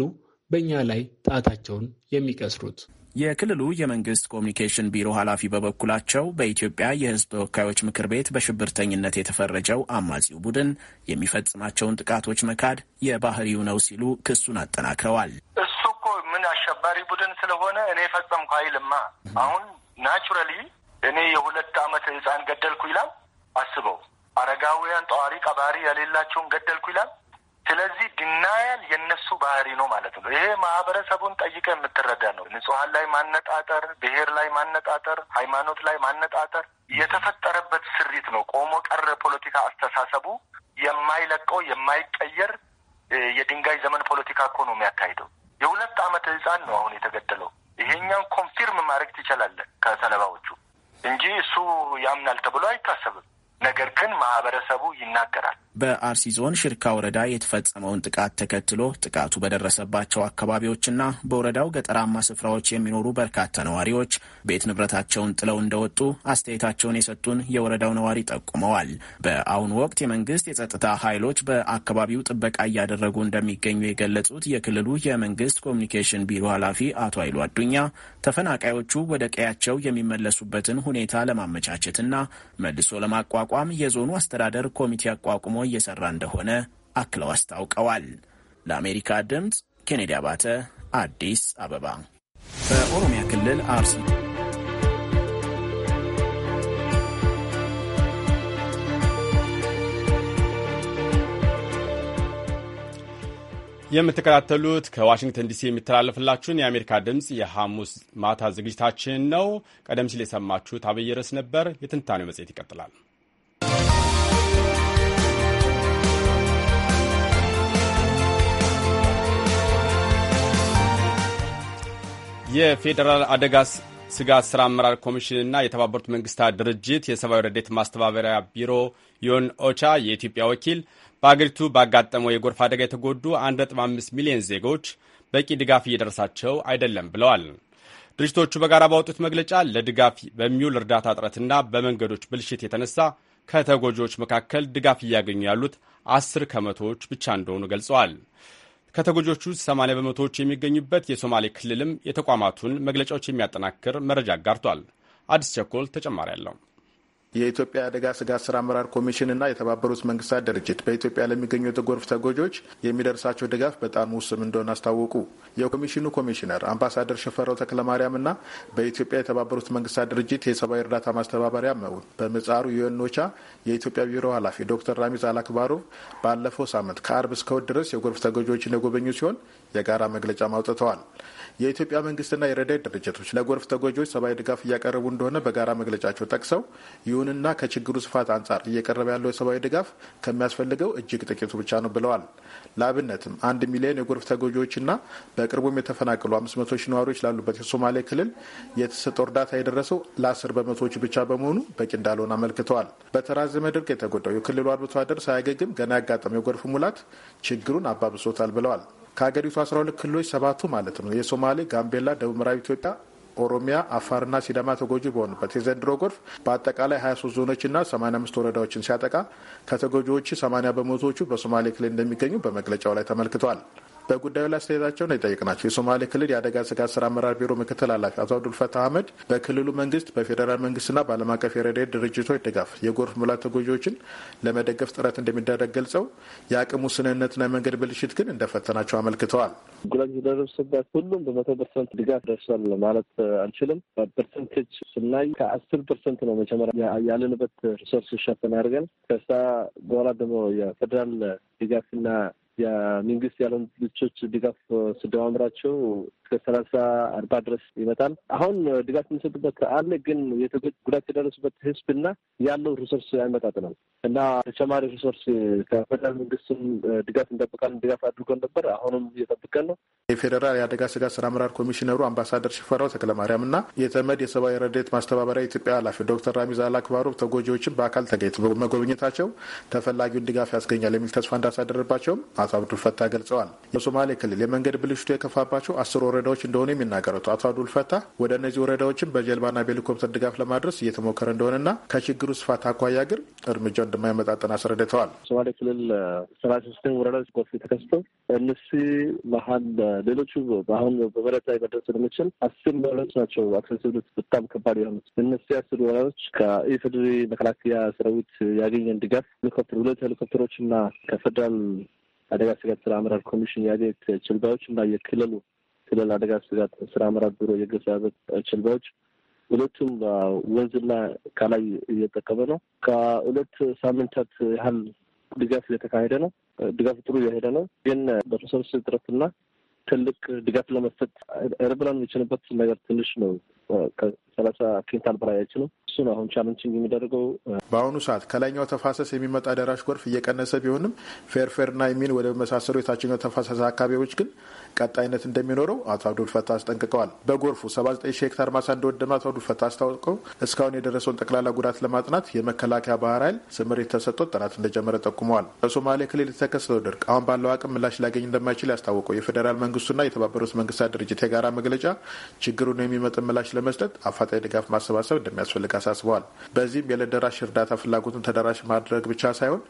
በእኛ ላይ ጣታቸውን የሚቀስሩት። የክልሉ የመንግስት ኮሚኒኬሽን ቢሮ ኃላፊ በበኩላቸው በኢትዮጵያ የሕዝብ ተወካዮች ምክር ቤት በሽብርተኝነት የተፈረጀው አማጺው ቡድን የሚፈጽማቸውን ጥቃቶች መካድ የባህሪው ነው ሲሉ ክሱን አጠናክረዋል። እሱ እኮ ምን አሸባሪ ቡድን ስለሆነ እኔ ፈጸምኩ አይልማ። አሁን ናቹራሊ እኔ የሁለት ዓመት ህፃን ገደልኩ ይላል። አስበው አረጋውያን ጠዋሪ ቀባሪ የሌላቸውን ገደልኩ ይላል። ስለዚህ ድናያል የነሱ ባህሪ ነው ማለት ነው። ይሄ ማህበረሰቡን ጠይቀ የምትረዳ ነው። ንጹሀን ላይ ማነጣጠር፣ ብሔር ላይ ማነጣጠር፣ ሃይማኖት ላይ ማነጣጠር የተፈጠረበት ስሪት ነው። ቆሞ ቀረ ፖለቲካ አስተሳሰቡ የማይለቀው የማይቀየር የድንጋይ ዘመን ፖለቲካ እኮ ነው የሚያካሂደው። የሁለት አመት ህፃን ነው አሁን የተገደለው። ይሄኛን ኮንፊርም ማድረግ ትችላለህ ከሰለባዎቹ እንጂ እሱ ያምናል ተብሎ አይታሰብም። ነገር ግን ማህበረሰቡ ይናገራል። በአርሲ ዞን ሽርካ ወረዳ የተፈጸመውን ጥቃት ተከትሎ ጥቃቱ በደረሰባቸው አካባቢዎችና በወረዳው ገጠራማ ስፍራዎች የሚኖሩ በርካታ ነዋሪዎች ቤት ንብረታቸውን ጥለው እንደወጡ አስተያየታቸውን የሰጡን የወረዳው ነዋሪ ጠቁመዋል። በአሁኑ ወቅት የመንግስት የጸጥታ ኃይሎች በአካባቢው ጥበቃ እያደረጉ እንደሚገኙ የገለጹት የክልሉ የመንግስት ኮሚኒኬሽን ቢሮ ኃላፊ አቶ ኃይሉ አዱኛ ተፈናቃዮቹ ወደ ቀያቸው የሚመለሱበትን ሁኔታ ለማመቻቸትና መልሶ ለማቋቋም የዞኑ አስተዳደር ኮሚቴ አቋቁሞ እየሰራ እንደሆነ አክለው አስታውቀዋል። ለአሜሪካ ድምፅ ኬኔዲ አባተ፣ አዲስ አበባ። በኦሮሚያ ክልል አርሲ የምትከታተሉት ከዋሽንግተን ዲሲ የሚተላለፍላችሁን የአሜሪካ ድምፅ የሐሙስ ማታ ዝግጅታችን ነው። ቀደም ሲል የሰማችሁት አብይ ርዕስ ነበር። የትንታኔው መጽሔት ይቀጥላል። የፌዴራል አደጋ ስጋት ስራ አመራር ኮሚሽንና የተባበሩት መንግስታት ድርጅት የሰብአዊ ረዴት ማስተባበሪያ ቢሮ ዮን ኦቻ የኢትዮጵያ ወኪል በአገሪቱ ባጋጠመው የጎርፍ አደጋ የተጎዱ 1.5 ሚሊዮን ዜጎች በቂ ድጋፍ እየደረሳቸው አይደለም ብለዋል። ድርጅቶቹ በጋራ ባወጡት መግለጫ ለድጋፍ በሚውል እርዳታ እጥረትና በመንገዶች ብልሽት የተነሳ ከተጎጂዎች መካከል ድጋፍ እያገኙ ያሉት አስር ከመቶዎች ብቻ እንደሆኑ ገልጸዋል። ከተጎጆቹ ሰማንያ በመቶዎች የሚገኙበት የሶማሌ ክልልም የተቋማቱን መግለጫዎች የሚያጠናክር መረጃ አጋርቷል። አዲስ ቸኮል ተጨማሪ አለው። የኢትዮጵያ አደጋ ስጋት ስራ አመራር ኮሚሽንና የተባበሩት መንግስታት ድርጅት በኢትዮጵያ ለሚገኙ የጎርፍ ተጎጆች የሚደርሳቸው ድጋፍ በጣም ውስም እንደሆነ አስታወቁ። የኮሚሽኑ ኮሚሽነር አምባሳደር ሽፈራው ተክለማርያምና በኢትዮጵያ የተባበሩት መንግስታት ድርጅት የሰብአዊ እርዳታ ማስተባበሪያ መውን በምጻሩ ዩኤንኦቻ የኢትዮጵያ ቢሮ ኃላፊ ዶክተር ራሚዝ አላክባሮቭ ባለፈው ሳምንት ከአርብ እስከ እሁድ ድረስ የጎርፍ ተጎጂዎችን የጎበኙ ሲሆን የጋራ መግለጫ ማውጥተዋል። የኢትዮጵያ መንግስትና የረዳይ ድርጅቶች ለጎርፍ ተጎጂዎች ሰብአዊ ድጋፍ እያቀረቡ እንደሆነ በጋራ መግለጫቸው ጠቅሰው ይሁንና ከችግሩ ስፋት አንጻር እየቀረበ ያለው የሰብአዊ ድጋፍ ከሚያስፈልገው እጅግ ጥቂቱ ብቻ ነው ብለዋል። ለአብነትም አንድ ሚሊዮን የጎርፍ ተጎጂዎችና በቅርቡም የተፈናቀሉ አምስት መቶ ሺህ ነዋሪዎች ላሉበት የሶማሌ ክልል የተሰጠው እርዳታ የደረሰው ለአስር በመቶዎች ብቻ በመሆኑ በቂ እንዳልሆነ አመልክተዋል። በተራዘመ ድርቅ የተጎዳው የክልሉ አርብቶ አደር ሳያገግም ገና ያጋጠመው የጎርፍ ሙላት ችግሩን አባብሶታል ብለዋል። ከሀገሪቱ አስራ ክልሎች ሰባቱ ማለት ነው የሶማሌ፣ ጋምቤላ፣ ደቡብ ምዕራብ ኢትዮጵያ ኦሮሚያ አፋርና ሲዳማ ተጎጂ በሆኑበት የዘንድሮ ጎርፍ በአጠቃላይ 23 ዞኖችና 85 ወረዳዎችን ሲያጠቃ ከተጎጂዎቹ 80 በመቶዎቹ በሶማሌ ክልል እንደሚገኙ በመግለጫው ላይ ተመልክቷል። በጉዳዩ ላይ አስተያየታቸውን የጠየቅናቸው የሶማሌ ክልል የአደጋ ስጋት ስራ አመራር ቢሮ ምክትል ኃላፊ አቶ አብዱልፈታ አህመድ በክልሉ መንግስት በፌዴራል መንግስትና በዓለም አቀፍ የረድኤት ድርጅቶች ድጋፍ የጎርፍ ሙላት ተጎጂዎችን ለመደገፍ ጥረት እንደሚደረግ ገልጸው የአቅም ውስንነትና የመንገድ ብልሽት ግን እንደፈተናቸው አመልክተዋል። ጉዳት የደረሰባት ሁሉም በመቶ ፐርሰንት ድጋፍ ደርሷል ማለት አንችልም። በፐርሰንቴጅ ስናይ ከአስር ፐርሰንት ነው መጀመሪያ ያለንበት ሪሶርስ ሸፈን አድርገን ከዛ በኋላ ደግሞ የፌዴራል ድጋፍና የመንግስት ያለን ድርጅቶች ድጋፍ ስደማምራቸው ከሰላሳ አርባ ድረስ ይመጣል። አሁን ድጋፍ የምንሰጥበት አለ፣ ግን ጉዳት የደረሱበት ህዝብና ያለው ሪሶርስ አይመጣጥናል እና ተጨማሪ ሪሶርስ ከፌደራል መንግስትም ድጋፍ እንጠብቃል ድጋፍ አድርጎን ነበር፣ አሁንም እየጠብቀን ነው። የፌዴራል የአደጋ ስጋት ስራ አመራር ኮሚሽነሩ አምባሳደር ሽፈራው ተክለማርያም እና የተመድ የሰብአዊ ረዴት ማስተባበሪያ ኢትዮጵያ ኃላፊ ዶክተር ራሚዝ አላክባሮብ ተጎጂዎችን በአካል ተገኝተው መጎብኘታቸው ተፈላጊውን ድጋፍ ያስገኛል የሚል ተስፋ እንዳሳደረባቸውም አቶ አብዱልፈታ ገልጸዋል። የሶማሌ ክልል የመንገድ ብልሽቱ የከፋባቸው አስር ወረዳዎች እንደሆኑ የሚናገሩት አቶ አብዱልፈታ ወደ እነዚህ ወረዳዎችን በጀልባና በሄሊኮፕተር ድጋፍ ለማድረስ እየተሞከረ እንደሆነና ከችግሩ ስፋት አኳያ ግን እርምጃው እንደማይመጣጠን አስረድተዋል። ሶማሌ ክልል ሰላሳ ስድስተኛ ወረዳ ተከስቶ እነሱ መሀል ሌሎቹ አሁን በመሬት ላይ መድረስ ስለምችል አስር ወረዳዎች ናቸው አክሰስብት በጣም ከባድ የሆኑት እነሱ አስር ወረዳዎች ከኢፌዴሪ መከላከያ ሰራዊት ያገኘን ድጋፍ ሄሊኮፕተር ሁለት ሄሊኮፕተሮች እና ከፌደራል አደጋ ስጋት ስራ አመራር ኮሚሽን የአዴት ችልባዮች እና የክልሉ ክልል አደጋ ስጋት ስራ አመራር ቢሮ የገዛበት ችልባዮች ሁለቱም ወንዝና ካላይ እየጠቀመ ነው። ከሁለት ሳምንታት ያህል ድጋፍ እየተካሄደ ነው። ድጋፍ ጥሩ እየሄደ ነው። ግን በሪሶርስ እጥረትና ትልቅ ድጋፍ ለመስጠት ኤርፕላን የሚችልበት ነገር ትንሽ ነው። ከሰላሳ ኪንታል በላይ አይችልም። እሱ ነው አሁን ቻለንጅ የሚደረገው። በአሁኑ ሰዓት ከላይኛው ተፋሰስ የሚመጣ ደራሽ ጎርፍ እየቀነሰ ቢሆንም ፌርፌርና የሚል ወደ መሳሰሉ የታችኛው ተፋሰስ አካባቢዎች ግን ቀጣይነት እንደሚኖረው አቶ አብዱልፈታ ፈታ አስጠንቅቀዋል። በጎርፉ 79 ሺህ ሄክታር ማሳ እንደወደመ አቶ አብዱልፈታ ፈታ አስታውቀው እስካሁን የደረሰውን ጠቅላላ ጉዳት ለማጥናት የመከላከያ ባህር ኃይል ስምሪት ተሰጥቶት ጥናት እንደጀመረ ጠቁመዋል። በሶማሌ ክልል የተከሰተው ድርቅ አሁን ባለው አቅም ምላሽ ሊያገኝ እንደማይችል ያስታወቀው የፌዴራል መንግስቱና የተባበሩት መንግስታት ድርጅት የጋራ መግለጫ ችግሩን የሚመጥን ምላሽ ለመስጠት አፋጣኝ ድጋፍ ማሰባሰብ እንደሚያስፈልግ አሳስበዋል። በዚህም የለደራሽ እርዳታ ፍላጎትን ተደራሽ ማድረግ ብቻ ሳይሆን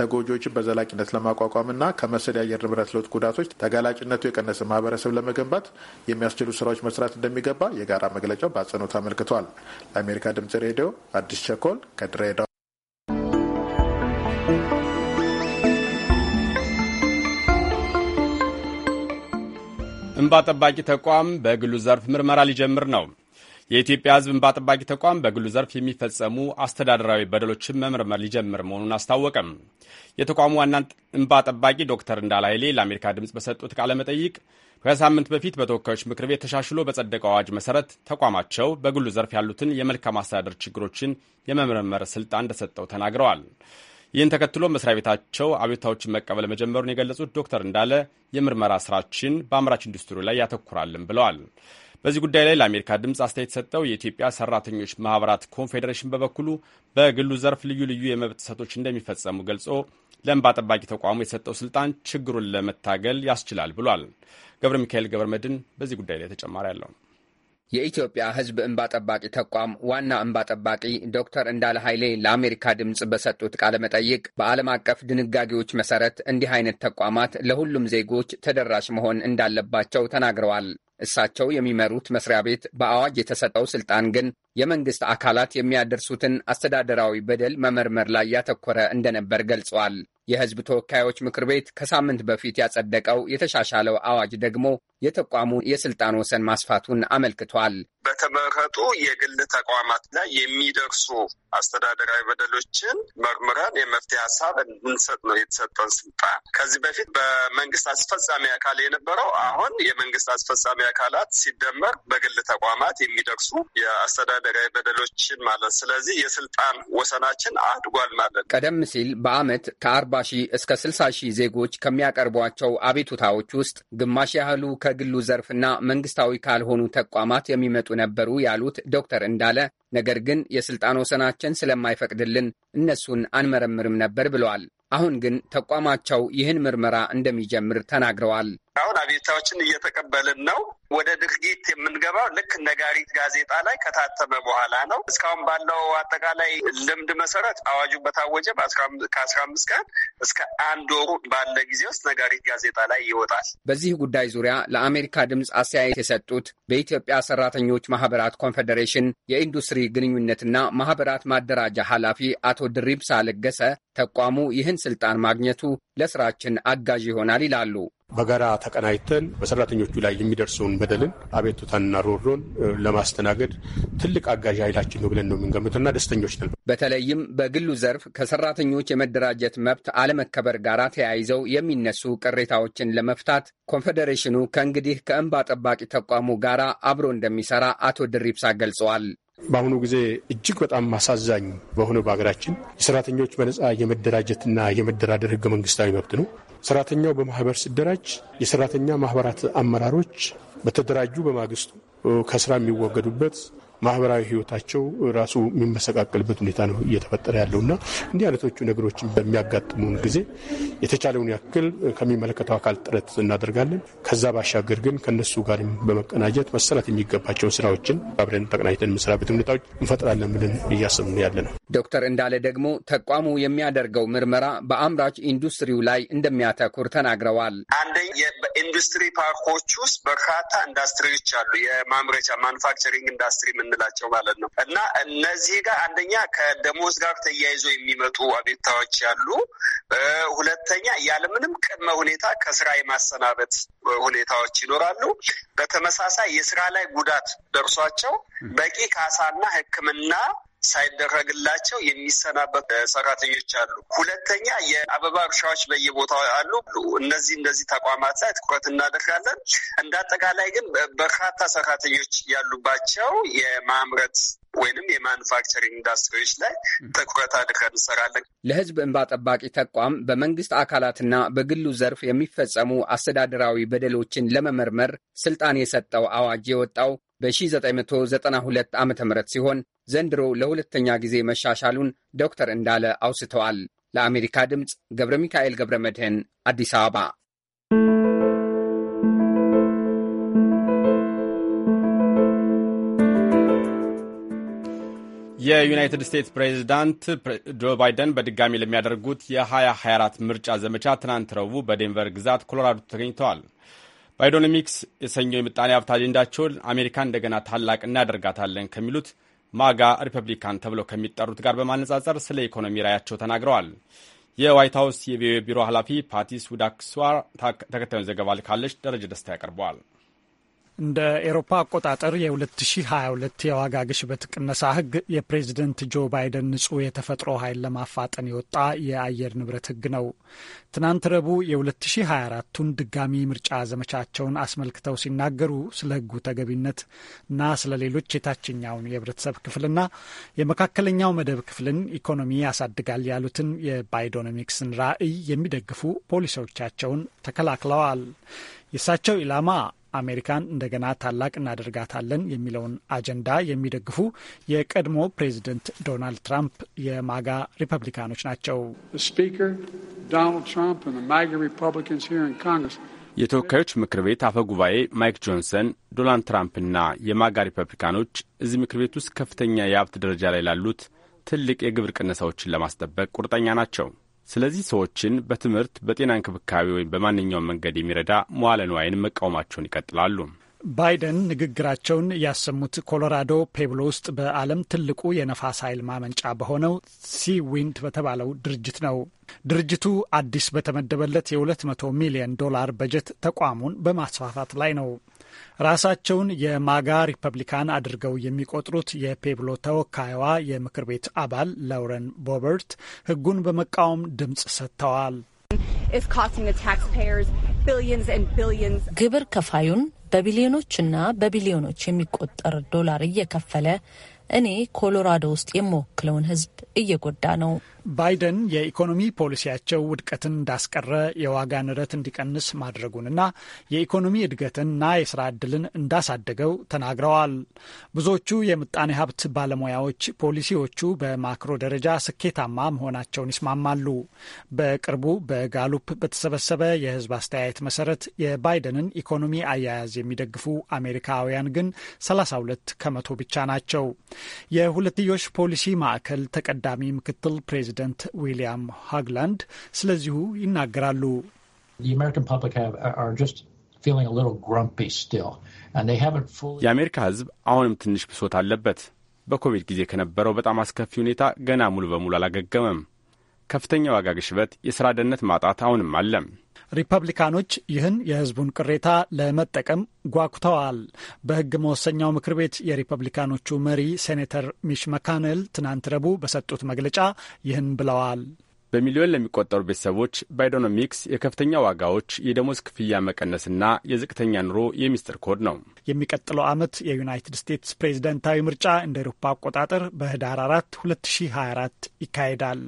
ተጎጂዎችን በዘላቂነት ለማቋቋምና ከመሰል የአየር ንብረት ለውጥ ጉዳቶች ተጋላጭነቱ የቀነሰ ማህበረሰብ ለመገንባት የሚያስችሉ ስራዎች መስራት እንደሚገባ የጋራ መግለጫው በአጽንኦት አመልክቷል። ለአሜሪካ ድምጽ ሬዲዮ አዲስ ቸኮል ከድሬዳዋ። እንባ ጠባቂ ተቋም በግሉ ዘርፍ ምርመራ ሊጀምር ነው። የኢትዮጵያ ሕዝብ እንባ ጠባቂ ተቋም በግሉ ዘርፍ የሚፈጸሙ አስተዳደራዊ በደሎችን መመርመር ሊጀምር መሆኑን አስታወቀም። የተቋሙ ዋና እንባ ጠባቂ ዶክተር እንዳለ ኃይሌ ለአሜሪካ ድምፅ በሰጡት ቃለ መጠይቅ ከሳምንት በፊት በተወካዮች ምክር ቤት ተሻሽሎ በጸደቀው አዋጅ መሰረት ተቋማቸው በግሉ ዘርፍ ያሉትን የመልካም አስተዳደር ችግሮችን የመመርመር ስልጣን እንደሰጠው ተናግረዋል። ይህን ተከትሎ መስሪያ ቤታቸው አቤቱታዎችን መቀበል መጀመሩን የገለጹት ዶክተር እንዳለ የምርመራ ስራችን በአምራች ኢንዱስትሪ ላይ ያተኩራልን ብለዋል። በዚህ ጉዳይ ላይ ለአሜሪካ ድምፅ አስተያየት ሰጠው የኢትዮጵያ ሰራተኞች ማህበራት ኮንፌዴሬሽን በበኩሉ በግሉ ዘርፍ ልዩ ልዩ የመብት ጥሰቶች እንደሚፈጸሙ ገልጾ ለእንባ ጠባቂ ተቋሙ የተሰጠው ስልጣን ችግሩን ለመታገል ያስችላል ብሏል። ገብረ ሚካኤል ገብረ መድን በዚህ ጉዳይ ላይ ተጨማሪ አለው። የኢትዮጵያ ሕዝብ እንባ ጠባቂ ተቋም ዋና እንባ ጠባቂ ዶክተር እንዳለ ኃይሌ ለአሜሪካ ድምፅ በሰጡት ቃለ መጠይቅ በዓለም አቀፍ ድንጋጌዎች መሰረት እንዲህ አይነት ተቋማት ለሁሉም ዜጎች ተደራሽ መሆን እንዳለባቸው ተናግረዋል። እሳቸው የሚመሩት መስሪያ ቤት በአዋጅ የተሰጠው ስልጣን ግን የመንግስት አካላት የሚያደርሱትን አስተዳደራዊ በደል መመርመር ላይ ያተኮረ እንደነበር ገልጸዋል። የህዝብ ተወካዮች ምክር ቤት ከሳምንት በፊት ያጸደቀው የተሻሻለው አዋጅ ደግሞ የተቋሙ የስልጣን ወሰን ማስፋቱን አመልክቷል። በተመረጡ የግል ተቋማት ላይ የሚደርሱ አስተዳደራዊ በደሎችን መርምረን የመፍትሄ ሀሳብ እንድንሰጥ ነው የተሰጠን ስልጣን። ከዚህ በፊት በመንግስት አስፈጻሚ አካል የነበረው አሁን የመንግስት አስፈጻሚ አካላት ሲደመር በግል ተቋማት የሚደርሱ የአስተዳደራዊ በደሎችን ማለት ስለዚህ የስልጣን ወሰናችን አድጓል ማለት ነው። ቀደም ሲል በአመት ከአርባ ሺህ እስከ ስልሳ ሺህ ዜጎች ከሚያቀርቧቸው አቤቱታዎች ውስጥ ግማሽ ያህሉ ከ ከግሉ ዘርፍና መንግስታዊ ካልሆኑ ተቋማት የሚመጡ ነበሩ ያሉት ዶክተር እንዳለ፣ ነገር ግን የስልጣን ወሰናችን ስለማይፈቅድልን እነሱን አንመረምርም ነበር ብለዋል። አሁን ግን ተቋማቸው ይህን ምርመራ እንደሚጀምር ተናግረዋል። አሁን አቤታዎችን እየተቀበልን ነው። ወደ ድርጊት የምንገባው ልክ ነጋሪት ጋዜጣ ላይ ከታተመ በኋላ ነው። እስካሁን ባለው አጠቃላይ ልምድ መሰረት አዋጁ በታወጀ ከአስራ አምስት ቀን እስከ አንድ ወሩ ባለ ጊዜ ውስጥ ነጋሪት ጋዜጣ ላይ ይወጣል። በዚህ ጉዳይ ዙሪያ ለአሜሪካ ድምፅ አስተያየት የሰጡት በኢትዮጵያ ሰራተኞች ማህበራት ኮንፌዴሬሽን የኢንዱስትሪ ግንኙነትና ማህበራት ማደራጃ ኃላፊ አቶ ድሪብሳ ለገሰ ተቋሙ ይህን ስልጣን ማግኘቱ ለስራችን አጋዥ ይሆናል ይላሉ። በጋራ ተቀናጅተን በሰራተኞቹ ላይ የሚደርሰውን በደልን፣ አቤቱታንና ሮሮን ለማስተናገድ ትልቅ አጋዥ ኃይላችን ነው ብለን ነው የምንገምትና ደስተኞች ነን። በተለይም በግሉ ዘርፍ ከሰራተኞች የመደራጀት መብት አለመከበር ጋር ተያይዘው የሚነሱ ቅሬታዎችን ለመፍታት ኮንፌዴሬሽኑ ከእንግዲህ ከእንባ ጠባቂ ተቋሙ ጋር አብሮ እንደሚሰራ አቶ ድሪብሳ ገልጸዋል። በአሁኑ ጊዜ እጅግ በጣም አሳዛኝ በሆነ በሀገራችን የሰራተኞች በነፃ የመደራጀትና የመደራደር ህገ መንግስታዊ መብት ነው። ሰራተኛው በማህበር ሲደራጅ የሰራተኛ ማህበራት አመራሮች በተደራጁ በማግስቱ ከስራ የሚወገዱበት ማህበራዊ ህይወታቸው ራሱ የሚመሰቃቀልበት ሁኔታ ነው እየተፈጠረ ያለውና እንዲህ አይነቶቹ ነገሮችን በሚያጋጥሙን ጊዜ የተቻለውን ያክል ከሚመለከተው አካል ጥረት እናደርጋለን። ከዛ ባሻገር ግን ከነሱ ጋርም በመቀናጀት መሰራት የሚገባቸውን ስራዎችን አብረን ተቀናጅተን መስራበት ሁኔታዎች እንፈጥራለን ብለን እያሰብን ያለ ነው። ዶክተር እንዳለ ደግሞ ተቋሙ የሚያደርገው ምርመራ በአምራች ኢንዱስትሪው ላይ እንደሚያተኩር ተናግረዋል። አንደኛ በኢንዱስትሪ ፓርኮች ውስጥ በርካታ ኢንዱስትሪዎች አሉ። የማምረቻ ማኑፋክቸሪንግ ኢንዱስትሪ የምንላቸው ማለት ነው እና እነዚህ ጋር አንደኛ ከደሞዝ ጋር ተያይዞ የሚመጡ አቤታዎች ያሉ፣ ሁለተኛ ያለምንም ቅድመ ሁኔታ ከስራ የማሰናበት ሁኔታዎች ይኖራሉ። በተመሳሳይ የስራ ላይ ጉዳት ደርሷቸው በቂ ካሳና ሕክምና ሳይደረግላቸው የሚሰናበት ሰራተኞች አሉ። ሁለተኛ የአበባ እርሻዎች በየቦታው አሉ። እነዚህ እነዚህ ተቋማት ላይ ትኩረት እናደርጋለን። እንደ አጠቃላይ ግን በርካታ ሰራተኞች ያሉባቸው የማምረት ወይንም የማኑፋክቸሪንግ ኢንዱስትሪዎች ላይ ትኩረት አድርገን እንሰራለን። ለሕዝብ እንባ ጠባቂ ተቋም በመንግስት አካላትና በግሉ ዘርፍ የሚፈጸሙ አስተዳደራዊ በደሎችን ለመመርመር ስልጣን የሰጠው አዋጅ የወጣው በ1992 ዓ ም ሲሆን ዘንድሮ ለሁለተኛ ጊዜ መሻሻሉን ዶክተር እንዳለ አውስተዋል። ለአሜሪካ ድምፅ ገብረ ሚካኤል ገብረ መድህን አዲስ አበባ። የዩናይትድ ስቴትስ ፕሬዚዳንት ጆ ባይደን በድጋሚ ለሚያደርጉት የ2024 ምርጫ ዘመቻ ትናንት ረቡዕ በዴንቨር ግዛት ኮሎራዶ ተገኝተዋል። ባይዶኖሚክስ የሰኞ የምጣኔ ሀብት አጀንዳቸውን አሜሪካን እንደገና ታላቅ እናደርጋታለን ከሚሉት ማጋ ሪፐብሊካን ተብለው ከሚጠሩት ጋር በማነጻጸር ስለ ኢኮኖሚ ራዕያቸው ተናግረዋል። የዋይት ሀውስ የቪኦኤ ቢሮ ኃላፊ ፓቲስ ሱዳክሷር ተከታዩን ዘገባ ልካለች። ደረጀ ደስታ ያቀርበዋል። እንደ ኤሮፓ አቆጣጠር የ2022 የዋጋ ግሽበት ቅነሳ ህግ የፕሬዝደንት ጆ ባይደን ንጹህ የተፈጥሮ ኃይል ለማፋጠን የወጣ የአየር ንብረት ህግ ነው። ትናንት ረቡዕ የ2024ቱን ድጋሚ ምርጫ ዘመቻቸውን አስመልክተው ሲናገሩ ስለ ህጉ ተገቢነት እና ስለ ሌሎች የታችኛውን የህብረተሰብ ክፍልና የመካከለኛው መደብ ክፍልን ኢኮኖሚ ያሳድጋል ያሉትን የባይዶኖሚክስን ራዕይ የሚደግፉ ፖሊሲዎቻቸውን ተከላክለዋል። የእሳቸው ኢላማ አሜሪካን እንደገና ታላቅ እናደርጋታለን የሚለውን አጀንዳ የሚደግፉ የቀድሞ ፕሬዚደንት ዶናልድ ትራምፕ የማጋ ሪፐብሊካኖች ናቸው። የተወካዮች ምክር ቤት አፈ ጉባኤ ማይክ ጆንሰን ዶናልድ ትራምፕና የማጋ ሪፐብሊካኖች እዚህ ምክር ቤት ውስጥ ከፍተኛ የሀብት ደረጃ ላይ ላሉት ትልቅ የግብር ቅነሳዎችን ለማስጠበቅ ቁርጠኛ ናቸው። ስለዚህ ሰዎችን በትምህርት በጤና እንክብካቤ ወይም በማንኛውም መንገድ የሚረዳ መዋለ ንዋይን መቃወማቸውን ይቀጥላሉ። ባይደን ንግግራቸውን ያሰሙት ኮሎራዶ ፔብሎ ውስጥ በዓለም ትልቁ የነፋስ ኃይል ማመንጫ በሆነው ሲ ዊንድ በተባለው ድርጅት ነው። ድርጅቱ አዲስ በተመደበለት የ200 ሚሊዮን ዶላር በጀት ተቋሙን በማስፋፋት ላይ ነው። ራሳቸውን የማጋ ሪፐብሊካን አድርገው የሚቆጥሩት የፔብሎ ተወካይዋ የምክር ቤት አባል ላውረን ቦበርት ህጉን በመቃወም ድምፅ ሰጥተዋል። ግብር ከፋዩን በቢሊዮኖችና በቢሊዮኖች የሚቆጠር ዶላር እየከፈለ እኔ ኮሎራዶ ውስጥ የምወክለውን ህዝብ እየጎዳ ነው። ባይደን የኢኮኖሚ ፖሊሲያቸው ውድቀትን እንዳስቀረ የዋጋ ንረት እንዲቀንስ ማድረጉንና የኢኮኖሚ እድገትንና የስራ ዕድልን እንዳሳደገው ተናግረዋል። ብዙዎቹ የምጣኔ ሀብት ባለሙያዎች ፖሊሲዎቹ በማክሮ ደረጃ ስኬታማ መሆናቸውን ይስማማሉ። በቅርቡ በጋሉፕ በተሰበሰበ የህዝብ አስተያየት መሰረት የባይደንን ኢኮኖሚ አያያዝ የሚደግፉ አሜሪካውያን ግን 32 ከመቶ ብቻ ናቸው። የሁለትዮሽ ፖሊሲ ማዕከል ተቀዳሚ ምክትል ፕሬዚደንት ፕሬዚደንት ዊሊያም ሃግላንድ ስለዚሁ ይናገራሉ። የአሜሪካ ሕዝብ አሁንም ትንሽ ብሶት አለበት። በኮቪድ ጊዜ ከነበረው በጣም አስከፊ ሁኔታ ገና ሙሉ በሙሉ አላገገመም። ከፍተኛ ዋጋ ግሽበት፣ የሥራ ደህንነት ማጣት አሁንም አለም። ሪፐብሊካኖች ይህን የህዝቡን ቅሬታ ለመጠቀም ጓጉተዋል። በህግ መወሰኛው ምክር ቤት የሪፐብሊካኖቹ መሪ ሴኔተር ሚሽ መካነል ትናንት ረቡዕ በሰጡት መግለጫ ይህን ብለዋል። በሚሊዮን ለሚቆጠሩ ቤተሰቦች ባይዶኖሚክስ የከፍተኛ ዋጋዎች፣ የደሞዝ ክፍያ መቀነስና የዝቅተኛ ኑሮ የሚስጥር ኮድ ነው። የሚቀጥለው ዓመት የዩናይትድ ስቴትስ ፕሬዝደንታዊ ምርጫ እንደ ኤሮፓ አቆጣጠር በህዳር 4 2024 ይካሄዳል።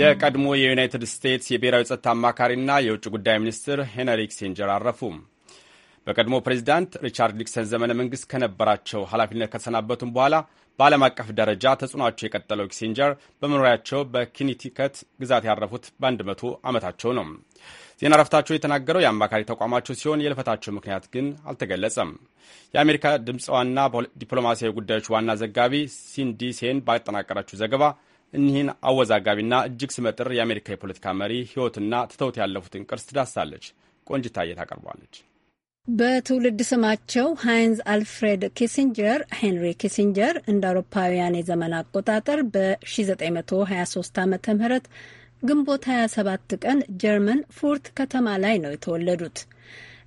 የቀድሞ የዩናይትድ ስቴትስ የብሔራዊ ጸጥታ አማካሪና የውጭ ጉዳይ ሚኒስትር ሄነሪ ክሴንጀር አረፉ። በቀድሞ ፕሬዚዳንት ሪቻርድ ኒክሰን ዘመነ መንግስት ከነበራቸው ኃላፊነት ከተሰናበቱም በኋላ በዓለም አቀፍ ደረጃ ተጽዕኖቸው የቀጠለው ኪሴንጀር በመኖሪያቸው በኪኒቲከት ግዛት ያረፉት በአንድ መቶ ዓመታቸው ነው። ዜና ረፍታቸው የተናገረው የአማካሪ ተቋማቸው ሲሆን የልፈታቸው ምክንያት ግን አልተገለጸም። የአሜሪካ ድምፅ ዋና ዲፕሎማሲያዊ ጉዳዮች ዋና ዘጋቢ ሲንዲ ሴን ባጠናቀረችው ዘገባ እኒህን አወዛጋቢና እጅግ ስመጥር የአሜሪካ የፖለቲካ መሪ ሕይወትና ትተውት ያለፉትን ቅርስ ትዳስሳለች። ቆንጅታየ ታቀርቧለች። በትውልድ ስማቸው ሃይንዝ አልፍሬድ ኪሲንጀር ሄንሪ ኪሲንጀር እንደ አውሮፓውያን የዘመን አቆጣጠር በ1923 ዓ ም ግንቦት 27 ቀን ጀርመን ፉርት ከተማ ላይ ነው የተወለዱት።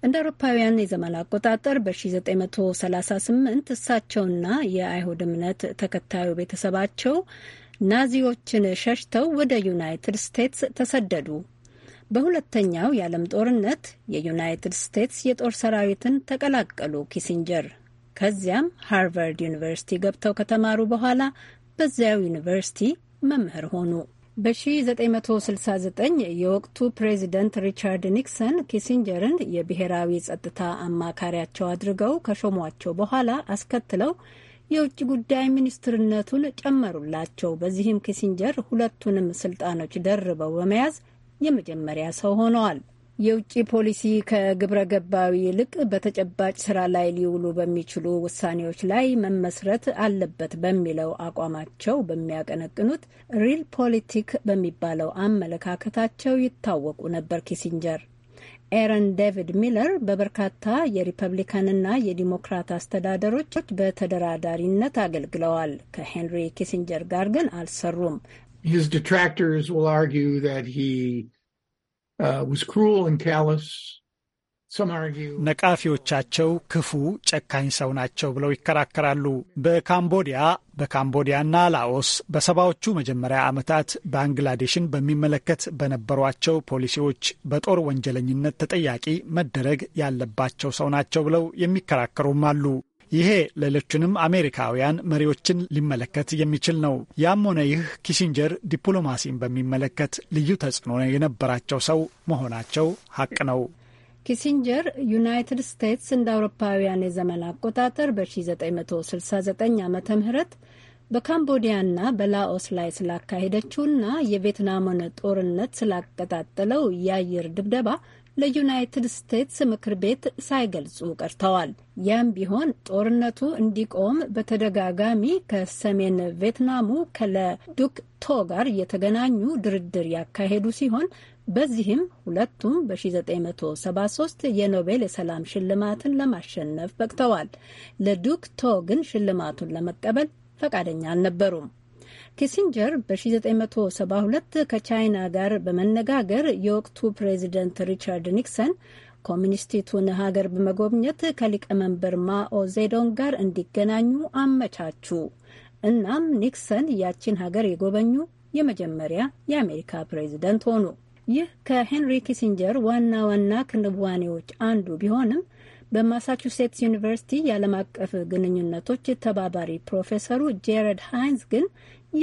እንደ አውሮፓውያን የዘመን አቆጣጠር በ1938 እሳቸውና የአይሁድ እምነት ተከታዩ ቤተሰባቸው ናዚዎችን ሸሽተው ወደ ዩናይትድ ስቴትስ ተሰደዱ። በሁለተኛው የዓለም ጦርነት የዩናይትድ ስቴትስ የጦር ሰራዊትን ተቀላቀሉ ኪሲንጀር። ከዚያም ሃርቫርድ ዩኒቨርሲቲ ገብተው ከተማሩ በኋላ በዚያው ዩኒቨርሲቲ መምህር ሆኑ። በ1969 የወቅቱ ፕሬዚደንት ሪቻርድ ኒክሰን ኪሲንጀርን የብሔራዊ ጸጥታ አማካሪያቸው አድርገው ከሾሟቸው በኋላ አስከትለው የውጭ ጉዳይ ሚኒስትርነቱን ጨመሩላቸው። በዚህም ኪሲንጀር ሁለቱንም ስልጣኖች ደርበው በመያዝ የመጀመሪያ ሰው ሆነዋል። የውጭ ፖሊሲ ከግብረ ገባዊ ይልቅ በተጨባጭ ስራ ላይ ሊውሉ በሚችሉ ውሳኔዎች ላይ መመስረት አለበት በሚለው አቋማቸው በሚያቀነቅኑት ሪል ፖለቲክ በሚባለው አመለካከታቸው ይታወቁ ነበር ኪሲንጀር ኤረን ዴቪድ ሚለር በበርካታ የሪፐብሊካንና የዲሞክራት አስተዳደሮች በተደራዳሪነት አገልግለዋል። ከሄንሪ ኪሲንጀር ጋር ግን አልሰሩም። His detractors will argue that he uh, was cruel and callous ነቃፊዎቻቸው ክፉ፣ ጨካኝ ሰው ናቸው ብለው ይከራከራሉ። በካምቦዲያ በካምቦዲያና ላኦስ በሰባዎቹ መጀመሪያ ዓመታት ባንግላዴሽን በሚመለከት በነበሯቸው ፖሊሲዎች በጦር ወንጀለኝነት ተጠያቂ መደረግ ያለባቸው ሰው ናቸው ብለው የሚከራከሩም አሉ። ይሄ ሌሎችንም አሜሪካውያን መሪዎችን ሊመለከት የሚችል ነው። ያም ሆነ ይህ ኪሲንጀር ዲፕሎማሲን በሚመለከት ልዩ ተጽዕኖ የነበራቸው ሰው መሆናቸው ሀቅ ነው። ኪሲንጀር ዩናይትድ ስቴትስ እንደ አውሮፓውያን የዘመን አቆጣጠር በ1969 ዓ ም በካምቦዲያና በላኦስ ላይ ስላካሄደችውና የቬትናምን ጦርነት ስላቀጣጠለው የአየር ድብደባ ለዩናይትድ ስቴትስ ምክር ቤት ሳይገልጹ ቀርተዋል። ያም ቢሆን ጦርነቱ እንዲቆም በተደጋጋሚ ከሰሜን ቬትናሙ ከለዱክ ቶ ጋር የተገናኙ ድርድር ያካሄዱ ሲሆን በዚህም ሁለቱም በ1973 የኖቤል የሰላም ሽልማትን ለማሸነፍ በቅተዋል። ለዱክ ቶ ግን ሽልማቱን ለመቀበል ፈቃደኛ አልነበሩም። ኪሲንጀር በ1972 ከቻይና ጋር በመነጋገር የወቅቱ ፕሬዚደንት ሪቻርድ ኒክሰን ኮሚኒስቲቱን ሀገር በመጎብኘት ከሊቀመንበር ማኦ ዜዶን ጋር እንዲገናኙ አመቻቹ። እናም ኒክሰን ያቺን ሀገር የጎበኙ የመጀመሪያ የአሜሪካ ፕሬዚደንት ሆኑ። ይህ ከሄንሪ ኪሲንጀር ዋና ዋና ክንዋኔዎች አንዱ ቢሆንም በማሳቹሴትስ ዩኒቨርሲቲ የዓለም አቀፍ ግንኙነቶች ተባባሪ ፕሮፌሰሩ ጄረድ ሃይንዝ ግን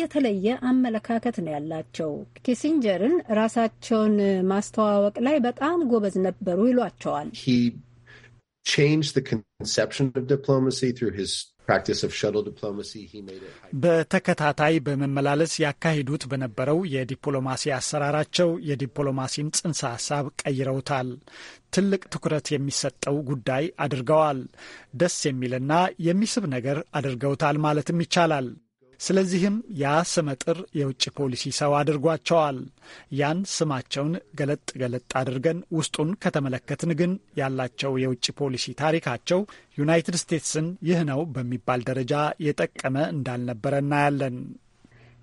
የተለየ አመለካከት ነው ያላቸው። ኪሲንጀርን ራሳቸውን ማስተዋወቅ ላይ በጣም ጎበዝ ነበሩ ይሏቸዋል። በተከታታይ በመመላለስ ያካሂዱት በነበረው የዲፕሎማሲ አሰራራቸው የዲፕሎማሲን ጽንሰ ሀሳብ ቀይረውታል። ትልቅ ትኩረት የሚሰጠው ጉዳይ አድርገዋል። ደስ የሚልና የሚስብ ነገር አድርገውታል ማለትም ይቻላል። ስለዚህም ያ ስመጥር የውጭ ፖሊሲ ሰው አድርጓቸዋል። ያን ስማቸውን ገለጥ ገለጥ አድርገን ውስጡን ከተመለከትን ግን ያላቸው የውጭ ፖሊሲ ታሪካቸው ዩናይትድ ስቴትስን ይህ ነው በሚባል ደረጃ የጠቀመ እንዳልነበረ እናያለን።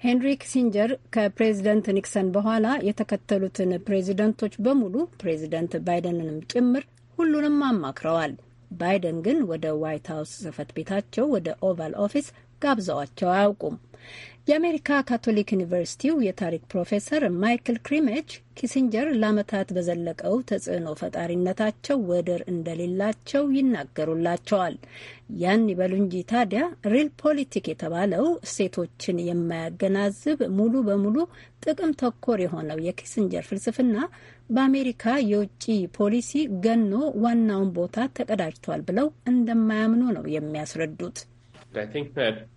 ሄንሪ ኪሲንጀር ከፕሬዚደንት ኒክሰን በኋላ የተከተሉትን ፕሬዚደንቶች በሙሉ ፕሬዚደንት ባይደንንም ጭምር ሁሉንም አማክረዋል። ባይደን ግን ወደ ዋይት ሀውስ ጽህፈት ቤታቸው ወደ ኦቫል ኦፊስ ጋብዘዋቸው አያውቁም። የአሜሪካ ካቶሊክ ዩኒቨርሲቲው የታሪክ ፕሮፌሰር ማይክል ክሪሜች ኪሲንጀር ለዓመታት በዘለቀው ተጽዕኖ ፈጣሪነታቸው ወደር እንደሌላቸው ይናገሩላቸዋል። ያን ይበሉ እንጂ ታዲያ ሪል ፖሊቲክ የተባለው እሴቶችን የማያገናዝብ ሙሉ በሙሉ ጥቅም ተኮር የሆነው የኪሲንጀር ፍልስፍና በአሜሪካ የውጭ ፖሊሲ ገኖ ዋናውን ቦታ ተቀዳጅቷል ብለው እንደማያምኑ ነው የሚያስረዱት። I think that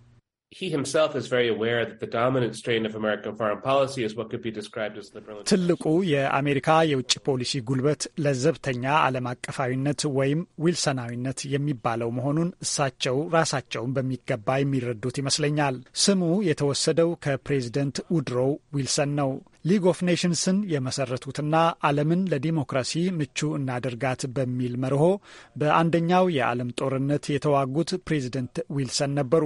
ትልቁ የአሜሪካ የውጭ ፖሊሲ ጉልበት ለዘብተኛ ዓለም አቀፋዊነት ወይም ዊልሰናዊነት የሚባለው መሆኑን እሳቸው ራሳቸውን በሚገባ የሚረዱት ይመስለኛል። ስሙ የተወሰደው ከፕሬዝደንት ውድሮ ዊልሰን ነው። ሊግ ኦፍ ኔሽንስን የመሰረቱትና ዓለምን ለዲሞክራሲ ምቹ እናደርጋት በሚል መርሆ በአንደኛው የዓለም ጦርነት የተዋጉት ፕሬዝደንት ዊልሰን ነበሩ።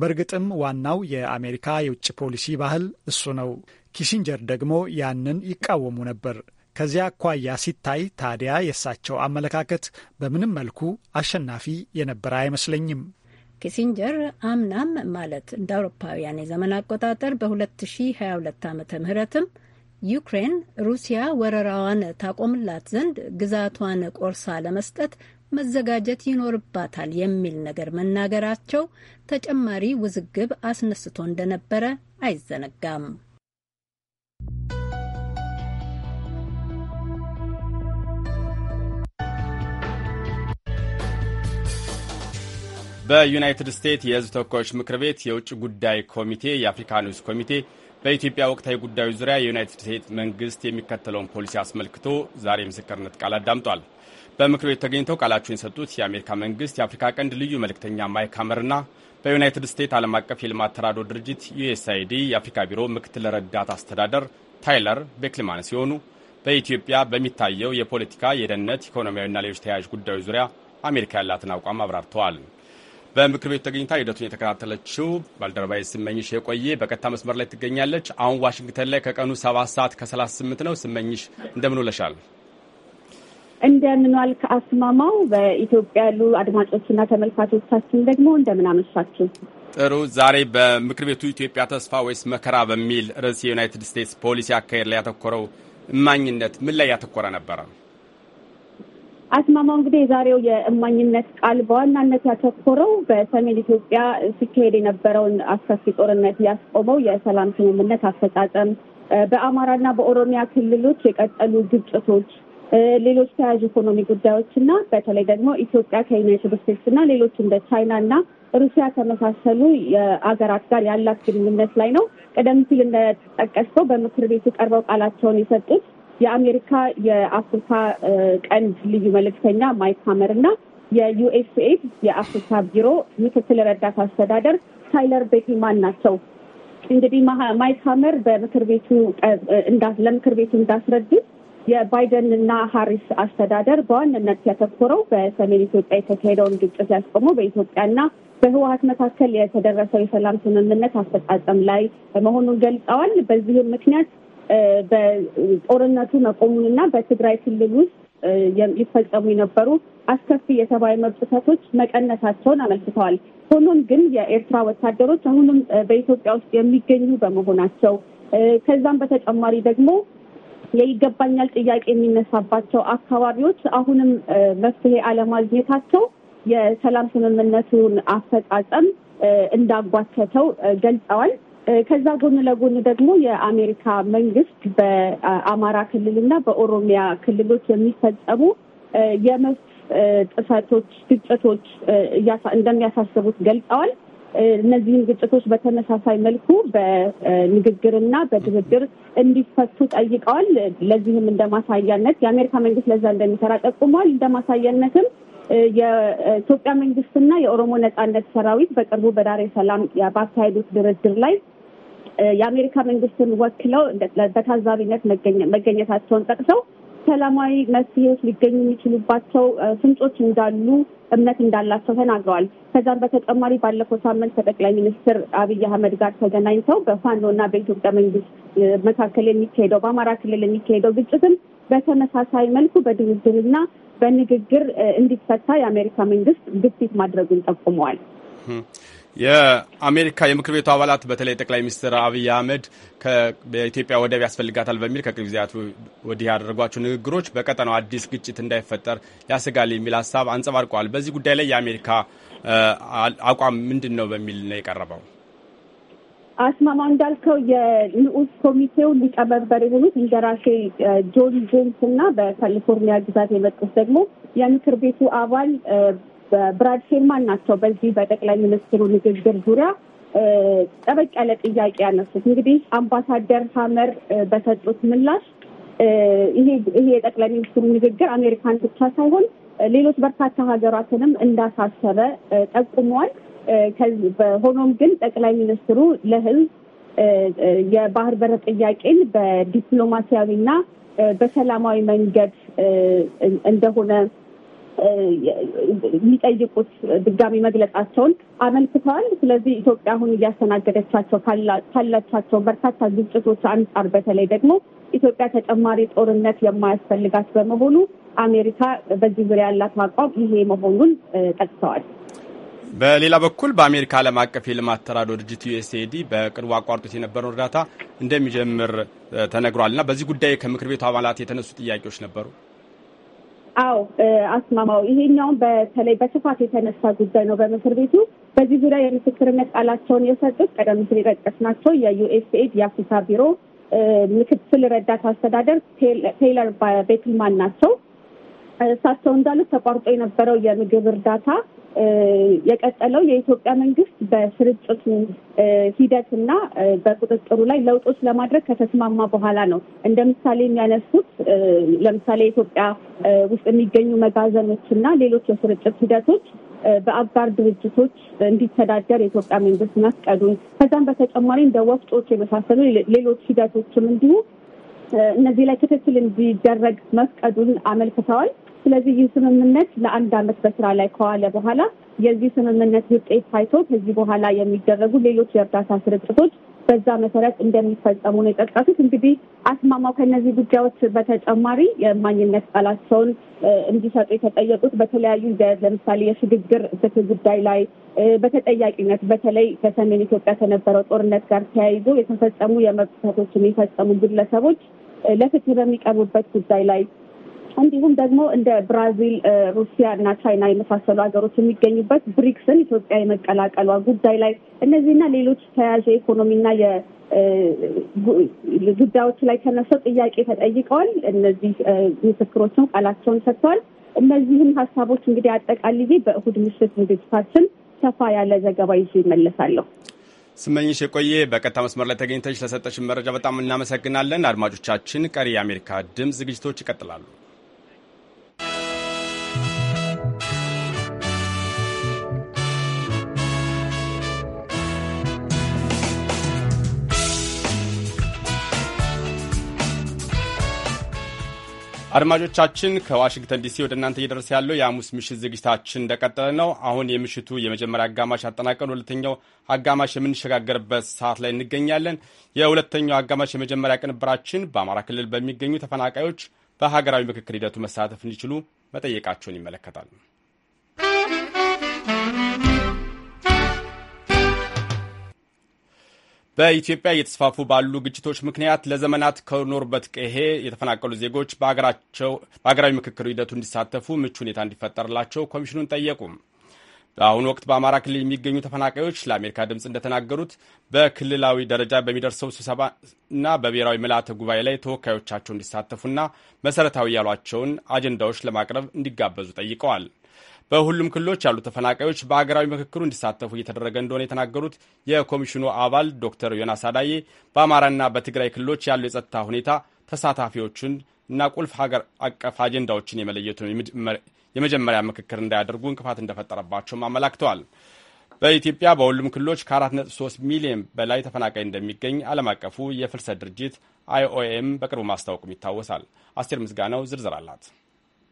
በእርግጥም ዋናው የአሜሪካ የውጭ ፖሊሲ ባህል እሱ ነው። ኪሲንጀር ደግሞ ያንን ይቃወሙ ነበር። ከዚያ አኳያ ሲታይ ታዲያ የእሳቸው አመለካከት በምንም መልኩ አሸናፊ የነበረ አይመስለኝም። ኪሲንጀር አምናም ማለት እንደ አውሮፓውያን የዘመን አቆጣጠር በ2022 ዓ ምህረትም ዩክሬን ሩሲያ ወረራዋን ታቆምላት ዘንድ ግዛቷን ቆርሳ ለመስጠት መዘጋጀት ይኖርባታል የሚል ነገር መናገራቸው ተጨማሪ ውዝግብ አስነስቶ እንደነበረ አይዘነጋም። በዩናይትድ ስቴትስ የሕዝብ ተወካዮች ምክር ቤት የውጭ ጉዳይ ኮሚቴ የአፍሪካ ንዑስ ኮሚቴ በኢትዮጵያ ወቅታዊ ጉዳዮች ዙሪያ የዩናይትድ ስቴትስ መንግስት የሚከተለውን ፖሊሲ አስመልክቶ ዛሬ ምስክርነት ቃል አዳምጧል። በምክር ቤት ተገኝተው ቃላቸውን የሰጡት የአሜሪካ መንግስት የአፍሪካ ቀንድ ልዩ መልእክተኛ ማይክ ሀመርና በዩናይትድ ስቴትስ ዓለም አቀፍ የልማት ተራድኦ ድርጅት ዩኤስአይዲ የአፍሪካ ቢሮ ምክትል ረዳት አስተዳደር ታይለር ቤክሊማን ሲሆኑ በኢትዮጵያ በሚታየው የፖለቲካ፣ የደህንነት፣ ኢኮኖሚያዊና ሌሎች ተያያዥ ጉዳዮች ዙሪያ አሜሪካ ያላትን አቋም አብራርተዋል። በምክር ቤት ተገኝታ ሂደቱን የተከታተለችው ባልደረባዊ ስመኝሽ የቆየ በቀጥታ መስመር ላይ ትገኛለች። አሁን ዋሽንግተን ላይ ከቀኑ ሰባት ሰዓት ከ38 ነው። ስመኝሽ እንደምን ውለሻል? እንደምን ከአስማማው በኢትዮጵያ ያሉ አድማጮችና ተመልካቾቻችን ደግሞ እንደምን አመሻችሁ። ጥሩ። ዛሬ በምክር ቤቱ ኢትዮጵያ ተስፋ ወይስ መከራ በሚል ርዕስ የዩናይትድ ስቴትስ ፖሊሲ አካሄድ ላይ ያተኮረው እማኝነት ምን ላይ ያተኮረ ነበረ? አስማማው እንግዲህ የዛሬው የእማኝነት ቃል በዋናነት ያተኮረው በሰሜን ኢትዮጵያ ሲካሄድ የነበረውን አስከፊ ጦርነት ያስቆመው የሰላም ስምምነት አፈጻጸም፣ በአማራና በኦሮሚያ ክልሎች የቀጠሉ ግጭቶች ሌሎች ተያዥ ኢኮኖሚ ጉዳዮች እና በተለይ ደግሞ ኢትዮጵያ ከዩናይትድ ስቴትስ እና ሌሎች እንደ ቻይና እና ሩሲያ ከመሳሰሉ የአገራት ጋር ያላት ግንኙነት ላይ ነው። ቀደም ሲል እንደጠቀስከው በምክር ቤቱ ቀርበው ቃላቸውን የሰጡት የአሜሪካ የአፍሪካ ቀንድ ልዩ መልእክተኛ ማይክ ሀመር እና የዩኤስኤድ የአፍሪካ ቢሮ ምክትል ረዳት አስተዳደር ታይለር ቤቲማን ናቸው። እንግዲህ ማይክ ሀመር በምክር ቤቱ ለምክር ቤቱ እንዳስረዱት የባይደን እና ሀሪስ አስተዳደር በዋነነት ያተኮረው በሰሜን ኢትዮጵያ የተካሄደውን ግጭት ያስቆሙ በኢትዮጵያና በህወሀት መካከል የተደረሰው የሰላም ስምምነት አፈጻጸም ላይ መሆኑን ገልጸዋል። በዚህም ምክንያት በጦርነቱ መቆሙንና በትግራይ ክልል ውስጥ ሊፈጸሙ የነበሩ አስከፊ የሰብአዊ መብት ጥሰቶች መቀነሳቸውን አመልክተዋል። ሆኖም ግን የኤርትራ ወታደሮች አሁንም በኢትዮጵያ ውስጥ የሚገኙ በመሆናቸው ከዛም በተጨማሪ ደግሞ የይገባኛል ጥያቄ የሚነሳባቸው አካባቢዎች አሁንም መፍትሄ አለማግኘታቸው የሰላም ስምምነቱን አፈጻጸም እንዳጓተተው ገልጸዋል። ከዛ ጎን ለጎን ደግሞ የአሜሪካ መንግስት በአማራ ክልልና በኦሮሚያ ክልሎች የሚፈጸሙ የመብት ጥሰቶች፣ ግጭቶች እንደሚያሳስቡት ገልጸዋል። እነዚህን ግጭቶች በተመሳሳይ መልኩ በንግግርና በድርድር እንዲፈቱ ጠይቀዋል። ለዚህም እንደ ማሳያነት የአሜሪካ መንግስት ለዛ እንደሚሰራ ጠቁሟል። እንደ ማሳያነትም የኢትዮጵያ መንግስትና የኦሮሞ ነጻነት ሰራዊት በቅርቡ በዳሬ ሰላም ባካሄዱት ድርድር ላይ የአሜሪካ መንግስትን ወክለው በታዛቢነት መገኘታቸውን ጠቅሰው ሰላማዊ መፍትሄዎች ሊገኙ የሚችሉባቸው ፍንጮች እንዳሉ እምነት እንዳላቸው ተናግረዋል። ከዛም በተጨማሪ ባለፈው ሳምንት ከጠቅላይ ሚኒስትር አብይ አህመድ ጋር ተገናኝተው በፋኖ እና በኢትዮጵያ መንግስት መካከል የሚካሄደው በአማራ ክልል የሚካሄደው ግጭትም በተመሳሳይ መልኩ በድርድርና በንግግር እንዲፈታ የአሜሪካ መንግስት ግፊት ማድረጉን ጠቁመዋል። የአሜሪካ የምክር ቤቱ አባላት በተለይ ጠቅላይ ሚኒስትር አብይ አህመድ በኢትዮጵያ ወደብ ያስፈልጋታል በሚል ከቅርብ ጊዜያት ወዲህ ያደረጓቸው ንግግሮች በቀጠናው አዲስ ግጭት እንዳይፈጠር ያስጋል የሚል ሀሳብ አንጸባርቀዋል። በዚህ ጉዳይ ላይ የአሜሪካ አቋም ምንድን ነው በሚል ነው የቀረበው። አስማማ እንዳልከው የንዑስ ኮሚቴው ሊቀመንበር የሆኑት እንደራሴ ጆን ጆንስ እና በካሊፎርኒያ ግዛት የመጡት ደግሞ የምክር ቤቱ አባል ብራድ ሄልማን ናቸው። በዚህ በጠቅላይ ሚኒስትሩ ንግግር ዙሪያ ጠበቅ ያለ ጥያቄ ያነሱት እንግዲህ አምባሳደር ሀመር በሰጡት ምላሽ ይሄ የጠቅላይ ሚኒስትሩ ንግግር አሜሪካን ብቻ ሳይሆን ሌሎች በርካታ ሀገራትንም እንዳሳሰበ ጠቁመዋል። ሆኖም ግን ጠቅላይ ሚኒስትሩ ለህዝብ የባህር በር ጥያቄን በዲፕሎማሲያዊና በሰላማዊ መንገድ እንደሆነ የሚጠይቁት ድጋሚ መግለጻቸውን አመልክተዋል። ስለዚህ ኢትዮጵያ አሁን እያስተናገደቻቸው ካላቻቸው በርካታ ግጭቶች አንጻር በተለይ ደግሞ ኢትዮጵያ ተጨማሪ ጦርነት የማያስፈልጋት በመሆኑ አሜሪካ በዚህ ዙሪያ ያላት አቋም ይሄ መሆኑን ጠቅሰዋል። በሌላ በኩል በአሜሪካ ዓለም አቀፍ የልማት ተራድኦ ድርጅት ዩኤስኤዲ በቅርቡ አቋርጦት የነበረውን እርዳታ እንደሚጀምር ተነግሯል እና በዚህ ጉዳይ ከምክር ቤቱ አባላት የተነሱ ጥያቄዎች ነበሩ። አዎ አስማማው፣ ይሄኛውን በተለይ በስፋት የተነሳ ጉዳይ ነው በምክር ቤቱ። በዚህ ዙሪያ የምስክርነት ቃላቸውን የሰጡት ቀደም ሲል የጠቀስናቸው የዩኤስኤድ የአፍሪካ ቢሮ ምክትል ረዳት አስተዳደር ቴይለር ቤትልማን ናቸው። እሳቸው እንዳሉት ተቋርጦ የነበረው የምግብ እርዳታ የቀጠለው የኢትዮጵያ መንግስት በስርጭቱ ሂደት እና በቁጥጥሩ ላይ ለውጦች ለማድረግ ከተስማማ በኋላ ነው። እንደ ምሳሌ የሚያነሱት ለምሳሌ ኢትዮጵያ ውስጥ የሚገኙ መጋዘኖች እና ሌሎች የስርጭት ሂደቶች በአጋር ድርጅቶች እንዲተዳደር የኢትዮጵያ መንግስት መፍቀዱን ከዛም በተጨማሪ እንደ ወፍጮች የመሳሰሉ ሌሎች ሂደቶችም እንዲሁ እነዚህ ላይ ክትትል እንዲደረግ መፍቀዱን አመልክተዋል። ስለዚህ ይህ ስምምነት ለአንድ አመት በስራ ላይ ከዋለ በኋላ የዚህ ስምምነት ውጤት ታይቶ ከዚህ በኋላ የሚደረጉ ሌሎች የእርዳታ ስርጭቶች በዛ መሰረት እንደሚፈጸሙ ነው የጠቀሱት። እንግዲህ አስማማው ከእነዚህ ጉዳዮች በተጨማሪ የማኝነት ቃላቸውን እንዲሰጡ የተጠየቁት በተለያዩ ለምሳሌ የሽግግር ፍትህ ጉዳይ ላይ በተጠያቂነት በተለይ በሰሜን ኢትዮጵያ ከነበረው ጦርነት ጋር ተያይዞ የተፈጸሙ የመብት ጥሰቶችን የፈጸሙ ግለሰቦች ለፍትህ በሚቀርቡበት ጉዳይ ላይ እንዲሁም ደግሞ እንደ ብራዚል፣ ሩሲያ እና ቻይና የመሳሰሉ ሀገሮች የሚገኙበት ብሪክስን ኢትዮጵያ የመቀላቀሏ ጉዳይ ላይ እነዚህና ሌሎች ተያያዥ የኢኮኖሚና ጉዳዮች ላይ ተነስተው ጥያቄ ተጠይቀዋል። እነዚህ ምስክሮችም ቃላቸውን ሰጥተዋል። እነዚህም ሀሳቦች እንግዲህ አጠቃልዬ በእሁድ ምሽት ዝግጅታችን ሰፋ ያለ ዘገባ ይዤ ይመለሳለሁ። ስመኝሽ የቆየ በቀጥታ መስመር ላይ ተገኝተች ለሰጠችን መረጃ በጣም እናመሰግናለን። አድማጮቻችን ቀሪ የአሜሪካ ድምፅ ዝግጅቶች ይቀጥላሉ። አድማጮቻችን ከዋሽንግተን ዲሲ ወደ እናንተ እየደረሰ ያለው የሐሙስ ምሽት ዝግጅታችን እንደቀጠለ ነው። አሁን የምሽቱ የመጀመሪያ አጋማሽ አጠናቀን ሁለተኛው አጋማሽ የምንሸጋገርበት ሰዓት ላይ እንገኛለን። የሁለተኛው አጋማሽ የመጀመሪያ ቅንብራችን በአማራ ክልል በሚገኙ ተፈናቃዮች በሀገራዊ ምክክር ሂደቱ መሳተፍ እንዲችሉ መጠየቃቸውን ይመለከታል። በኢትዮጵያ እየተስፋፉ ባሉ ግጭቶች ምክንያት ለዘመናት ከኖሩበት ቀሄ የተፈናቀሉ ዜጎች በሀገራዊ ምክክር ሂደቱ እንዲሳተፉ ምቹ ሁኔታ እንዲፈጠርላቸው ኮሚሽኑን ጠየቁም። በአሁኑ ወቅት በአማራ ክልል የሚገኙ ተፈናቃዮች ለአሜሪካ ድምፅ እንደተናገሩት በክልላዊ ደረጃ በሚደርሰው እና በብሔራዊ ምልአተ ጉባኤ ላይ ተወካዮቻቸው እንዲሳተፉና መሰረታዊ ያሏቸውን አጀንዳዎች ለማቅረብ እንዲጋበዙ ጠይቀዋል። በሁሉም ክልሎች ያሉ ተፈናቃዮች በሀገራዊ ምክክሩ እንዲሳተፉ እየተደረገ እንደሆነ የተናገሩት የኮሚሽኑ አባል ዶክተር ዮናስ አዳዬ በአማራና በትግራይ ክልሎች ያለው የጸጥታ ሁኔታ ተሳታፊዎቹን እና ቁልፍ ሀገር አቀፍ አጀንዳዎችን የመለየቱን የመጀመሪያ ምክክር እንዳያደርጉ እንቅፋት እንደፈጠረባቸውም አመላክተዋል። በኢትዮጵያ በሁሉም ክልሎች ከ4.3 ሚሊዮን በላይ ተፈናቃይ እንደሚገኝ ዓለም አቀፉ የፍልሰት ድርጅት አይኦኤም በቅርቡ ማስታወቁም ይታወሳል። አስቴር ምስጋናው ዝርዝር አላት።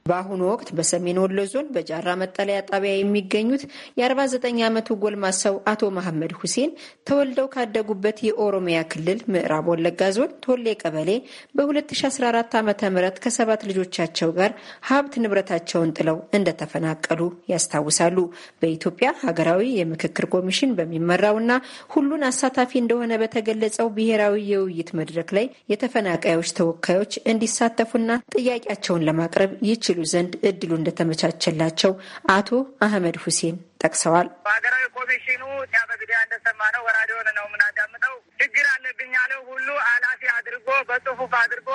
በአሁኑ ወቅት በሰሜን ወሎ ዞን በጃራ መጠለያ ጣቢያ የሚገኙት የ49 ዓመቱ ጎልማሳው አቶ መሐመድ ሁሴን ተወልደው ካደጉበት የኦሮሚያ ክልል ምዕራብ ወለጋ ዞን ቶሌ ቀበሌ በ2014 ዓ ም ከሰባት ልጆቻቸው ጋር ሀብት ንብረታቸውን ጥለው እንደተፈናቀሉ ያስታውሳሉ። በኢትዮጵያ ሀገራዊ የምክክር ኮሚሽን በሚመራውና ሁሉን አሳታፊ እንደሆነ በተገለጸው ብሔራዊ የውይይት መድረክ ላይ የተፈናቃዮች ተወካዮች እንዲሳተፉና ጥያቄያቸውን ለማቅረብ ይችላል ይችሉ ዘንድ እድሉ እንደተመቻቸላቸው አቶ አህመድ ሁሴን ጠቅሰዋል። በሀገራዊ ኮሚሽኑ በግዲያ እንደሰማ ነው ወራዲዮን ነው የምናዳምጠው ችግር አለብኝ ያለው ሁሉ አላፊ አድርጎ በጽሁፍ አድርጎ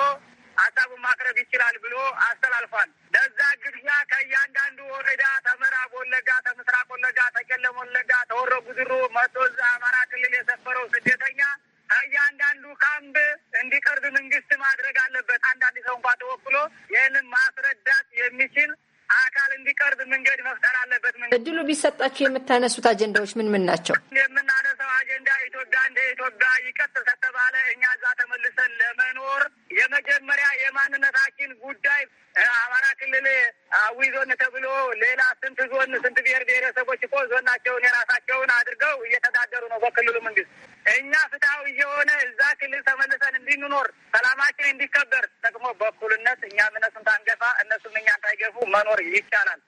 ሀሳቡን ማቅረብ ይችላል ብሎ አስተላልፏል። ለዛ ግብዣ ከእያንዳንዱ ወረዳ ተምዕራብ ወለጋ፣ ተምስራቅ ወለጋ፣ ተቄለም ወለጋ፣ ተወረ ጉድሩ መቶ እዛ አማራ ክልል የሰፈረው ስደተኛ እያንዳንዱ ካምፕ እንዲቀርብ መንግስት ማድረግ አለበት። አንዳንድ ሰው እንኳ ተወክሎ ይህንን ማስረዳት የሚችል አካል እንዲቀርብ መንገድ መፍጠር አለበት። እድሉ ቢሰጣችሁ የምታነሱት አጀንዳዎች ምን ምን ናቸው? የምናነሳው አጀንዳ ኢትዮጵያ እንደ ኢትዮጵያ ይቀጥል ከተባለ እኛ እዛ ተመልሰን ለመኖር የመጀመሪያ የማንነታችን ጉዳይ አማራ ክልል አዊ ዞን ተብሎ ሌላ ስንት ዞን ስንት ብሔር ብሔረሰቦች እኮ ዞናቸውን የራሳቸውን አድርገው እየተዳደሩ ነው በክልሉ መንግስት። እኛ ፍትሐዊ የሆነ እዛ ክልል ተመልሰን እንድንኖር ሰላማችን እንዲከበር ደግሞ በኩልነት እኛ እነሱን ታንገፋ እነሱም እኛ ታይገፉ መኖር ይቻላል።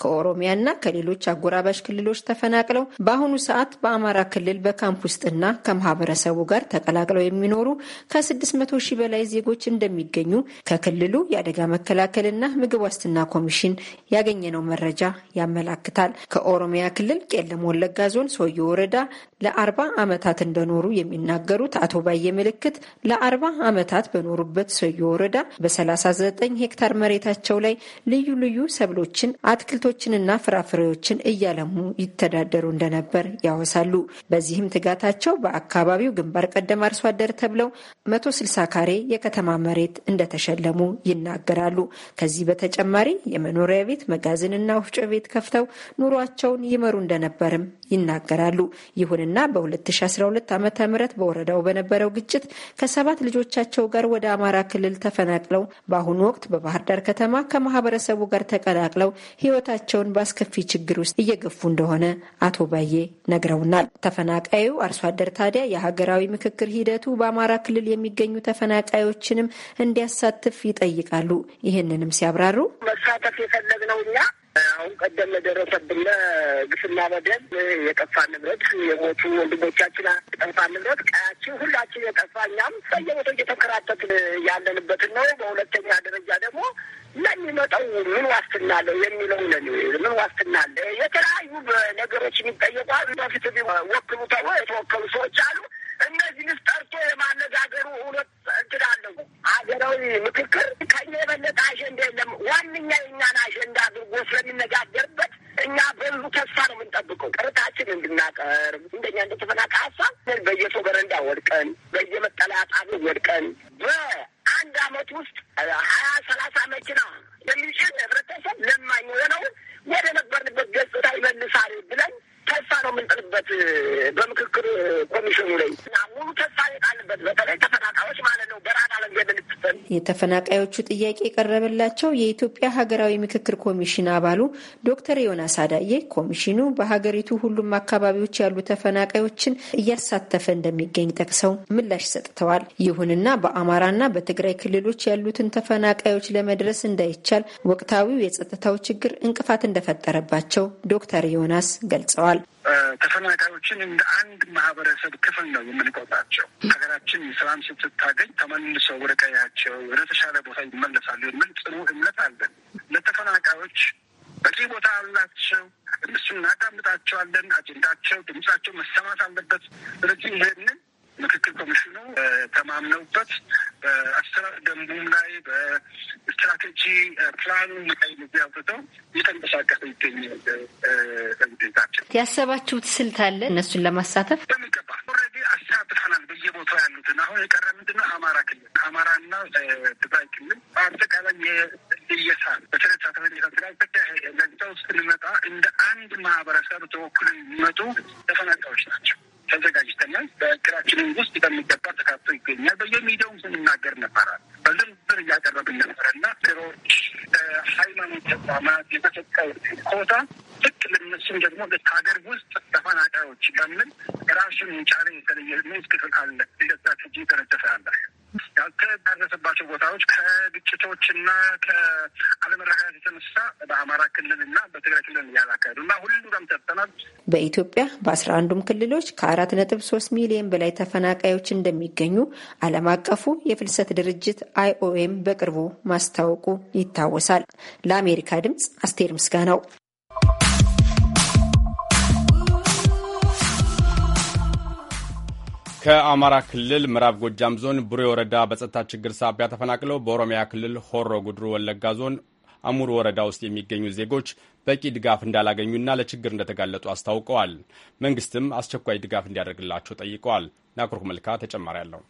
ከኦሮሚያና ከሌሎች አጎራባሽ ክልሎች ተፈናቅለው በአሁኑ ሰዓት በአማራ ክልል በካምፕ ውስጥና ከማህበረሰቡ ጋር ተቀላቅለው የሚኖሩ ከ600 ሺህ በላይ ዜጎች እንደሚገኙ ከክልሉ የአደጋ መከላከልና ምግብ ዋስትና ኮሚሽን ያገኘነው መረጃ ያመላክታል። ከኦሮሚያ ክልል ቄለም ወለጋ ዞን ሰውየ ወረዳ ለአርባ ዓመታት እንደኖሩ የሚናገሩት አቶ ባየ ምልክት ለአርባ ዓመታት በኖሩበት ሰዮ ወረዳ በ39 ሄክታር መሬታቸው ላይ ልዩ ልዩ ሰብሎችን አትክልቶችንና ፍራፍሬዎችን እያለሙ ይተዳደሩ እንደነበር ያወሳሉ። በዚህም ትጋታቸው በአካባቢው ግንባር ቀደም አርሶ አደር ተብለው 160 ካሬ የከተማ መሬት እንደተሸለሙ ይናገራሉ። ከዚህ በተጨማሪ የመኖሪያ ቤት መጋዘንና ወፍጮ ቤት ከፍተው ኑሯቸውን ይመሩ እንደነበርም ይናገራሉ። ይሁንና እና በ2012 ዓ ም በወረዳው በነበረው ግጭት ከሰባት ልጆቻቸው ጋር ወደ አማራ ክልል ተፈናቅለው በአሁኑ ወቅት በባህር ዳር ከተማ ከማህበረሰቡ ጋር ተቀላቅለው ህይወታቸውን በአስከፊ ችግር ውስጥ እየገፉ እንደሆነ አቶ ባዬ ነግረውናል። ተፈናቃዩ አርሶ አደር ታዲያ የሀገራዊ ምክክር ሂደቱ በአማራ ክልል የሚገኙ ተፈናቃዮችንም እንዲያሳትፍ ይጠይቃሉ። ይህንንም ሲያብራሩ መሳተፍ የፈለግነው እኛ አሁን ቀደም ለደረሰብን ግፍና በደል የጠፋ ንብረት የሞቱ ወንድሞቻችን የጠፋ ንብረት ቀያችን ሁላችን የጠፋ እኛም በየቦታው እየተከራተትን ያለንበትን ነው። በሁለተኛ ደረጃ ደግሞ ለሚመጣው ምን ዋስትና አለ የሚለው ምን ዋስትና አለ የተለያዩ ነገሮች የሚጠየቋ በፊት ወክሉ ተብሎ የተወከሉ ሰዎች አሉ። እነዚህንስ ጠርቶ የማነጋገሩ እውነት እንትዳለሁ ሀገራዊ ምክክር ከኛ የበለጠ አጀንዳ የለም። ዋነኛ የኛን አጀንዳ አድርጎ ስለሚነጋገርበት እኛ በሉ ተስፋ ነው የምንጠብቀው። ቅርታችን እንድናቀርብ እንደኛ እንደተፈናቀ ሀሳብ በየሰው በረንዳ ወድቀን በየመጠለያ ጣቢያ ወድቀን በአንድ አመት ውስጥ ሀያ ሰላሳ መኪና የሚጭን ህብረተሰብ ለማኝ የሆነውን ወደ ነበርንበት ገጽታ ይመልሳል ብለን ተስፋ ነው የምንጥልበት በምክክር ኮሚሽኑ ላይ እና ሙሉ ተስፋ የጣልበት በተለይ ተፈናቃዮች ማለት ነው በራዳ ለንገድልትፈል የተፈናቃዮቹ ጥያቄ የቀረበላቸው የኢትዮጵያ ሀገራዊ ምክክር ኮሚሽን አባሉ ዶክተር ዮናስ አዳዬ ኮሚሽኑ በሀገሪቱ ሁሉም አካባቢዎች ያሉ ተፈናቃዮችን እያሳተፈ እንደሚገኝ ጠቅሰው ምላሽ ሰጥተዋል። ይሁንና በአማራና በትግራይ ክልሎች ያሉትን ተፈናቃዮች ለመድረስ እንዳይቻል ወቅታዊው የጸጥታው ችግር እንቅፋት እንደፈጠረባቸው ዶክተር ዮናስ ገልጸዋል። ተፈናቃዮችን እንደ አንድ ማህበረሰብ ክፍል ነው የምንቆጣቸው። ሀገራችን ሰላም ስትታገኝ ተመልሰው ወደ ቀያቸው ወደ ተሻለ ቦታ ይመለሳሉ የሚል ጽኑ እምነት አለን። ለተፈናቃዮች በቂ ቦታ አላቸው። እነሱ እናዳምጣቸዋለን። አጀንዳቸው፣ ድምጻቸው መሰማት አለበት። ስለዚህ ይህንን ምክክር ኮሚሽኑ ተማምነውበት በአሰራር ደንቡም ላይ በስትራቴጂ ፕላኑ ላይ ጊዜ አውጥተው እየተንቀሳቀሰ ይገኛል። ያሰባችሁት ስልት አለ እነሱን ለማሳተፍ በሚገባ ኦልሬዲ አሳትፈናል። በየቦታው ያሉትን አሁን የቀረ ምንድነው? አማራ ክልል አማራና ትግራይ ክልል በአጠቃላይ የልየሳ ለዛ ውስጥ እንደ አንድ ማህበረሰብ ተወክሎ የሚመጡ ተፈናቃዮች ናቸው። ተዘጋጅተናል። በእቅዳችንም ውስጥ በሚገባ ተካቶ ይገኛል። በየሚዲያውም ስንናገር ነበራል። በዝርዝር እያቀረብን ነበረ ነበረና ሮች ሃይማኖት ተቋማት የተሰጠው ኮታ ልክ ልነሱም ደግሞ ሀገር ውስጥ ተፈናቃዮች በምን ራሱን ጫነ የተለየ ምን አለ እንደዛ ተጅ ተነደፈ አለ ባለባቸው ቦታዎች ከግጭቶች እና ከአለመረጋጋት የተነሳ በአማራ ክልል በትግራይ ክልል ያላካሄዱ እና ሁሉም ተጠናል። በኢትዮጵያ በአስራ አንዱም ክልሎች ከአራት ነጥብ ሶስት ሚሊዮን በላይ ተፈናቃዮች እንደሚገኙ ዓለም አቀፉ የፍልሰት ድርጅት አይኦኤም በቅርቡ ማስታወቁ ይታወሳል። ለአሜሪካ ድምጽ አስቴር ምስጋናው ከአማራ ክልል ምዕራብ ጎጃም ዞን ቡሬ ወረዳ በጸጥታ ችግር ሳቢያ ተፈናቅለው በኦሮሚያ ክልል ሆሮ ጉድሩ ወለጋ ዞን አሙር ወረዳ ውስጥ የሚገኙ ዜጎች በቂ ድጋፍ እንዳላገኙና ለችግር እንደተጋለጡ አስታውቀዋል። መንግስትም አስቸኳይ ድጋፍ እንዲያደርግላቸው ጠይቀዋል። ናኩርኩ መልካ ተጨማሪ አለው።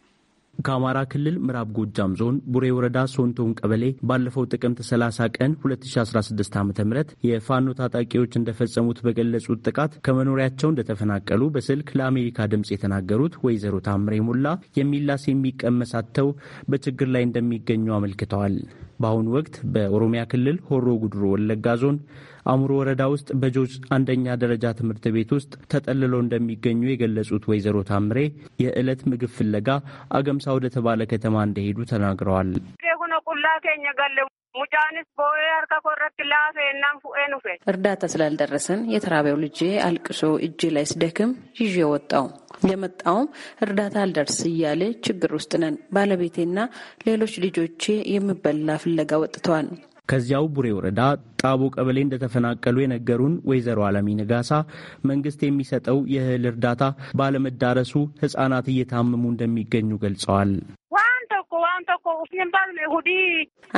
ከአማራ ክልል ምዕራብ ጎጃም ዞን ቡሬ ወረዳ ሶንቶን ቀበሌ ባለፈው ጥቅምት 30 ቀን 2016 ዓ ም የፋኖ ታጣቂዎች እንደፈጸሙት በገለጹት ጥቃት ከመኖሪያቸው እንደተፈናቀሉ በስልክ ለአሜሪካ ድምፅ የተናገሩት ወይዘሮ ታምሬ ሙላ የሚላስ የሚቀመሳተው በችግር ላይ እንደሚገኙ አመልክተዋል። በአሁኑ ወቅት በኦሮሚያ ክልል ሆሮ ጉድሮ ወለጋ ዞን አእምሮ ወረዳ ውስጥ በጆች አንደኛ ደረጃ ትምህርት ቤት ውስጥ ተጠልለው እንደሚገኙ የገለጹት ወይዘሮ ታምሬ የዕለት ምግብ ፍለጋ አገምሳ ወደ ተባለ ከተማ እንደሄዱ ተናግረዋል። እርዳታ ስላልደረሰን የተራቢያው ልጄ አልቅሶ እጄ ላይ ስደክም ይዤ ወጣው። የመጣውም እርዳታ አልደርስ እያለ ችግር ውስጥ ነን። ባለቤቴና ሌሎች ልጆቼ የምበላ ፍለጋ ወጥተዋል። ከዚያው ቡሬ ወረዳ ጣቦ ቀበሌ እንደተፈናቀሉ የነገሩን ወይዘሮ አለሚ ነጋሳ መንግስት የሚሰጠው የእህል እርዳታ ባለመዳረሱ ህጻናት እየታመሙ እንደሚገኙ ገልጸዋል።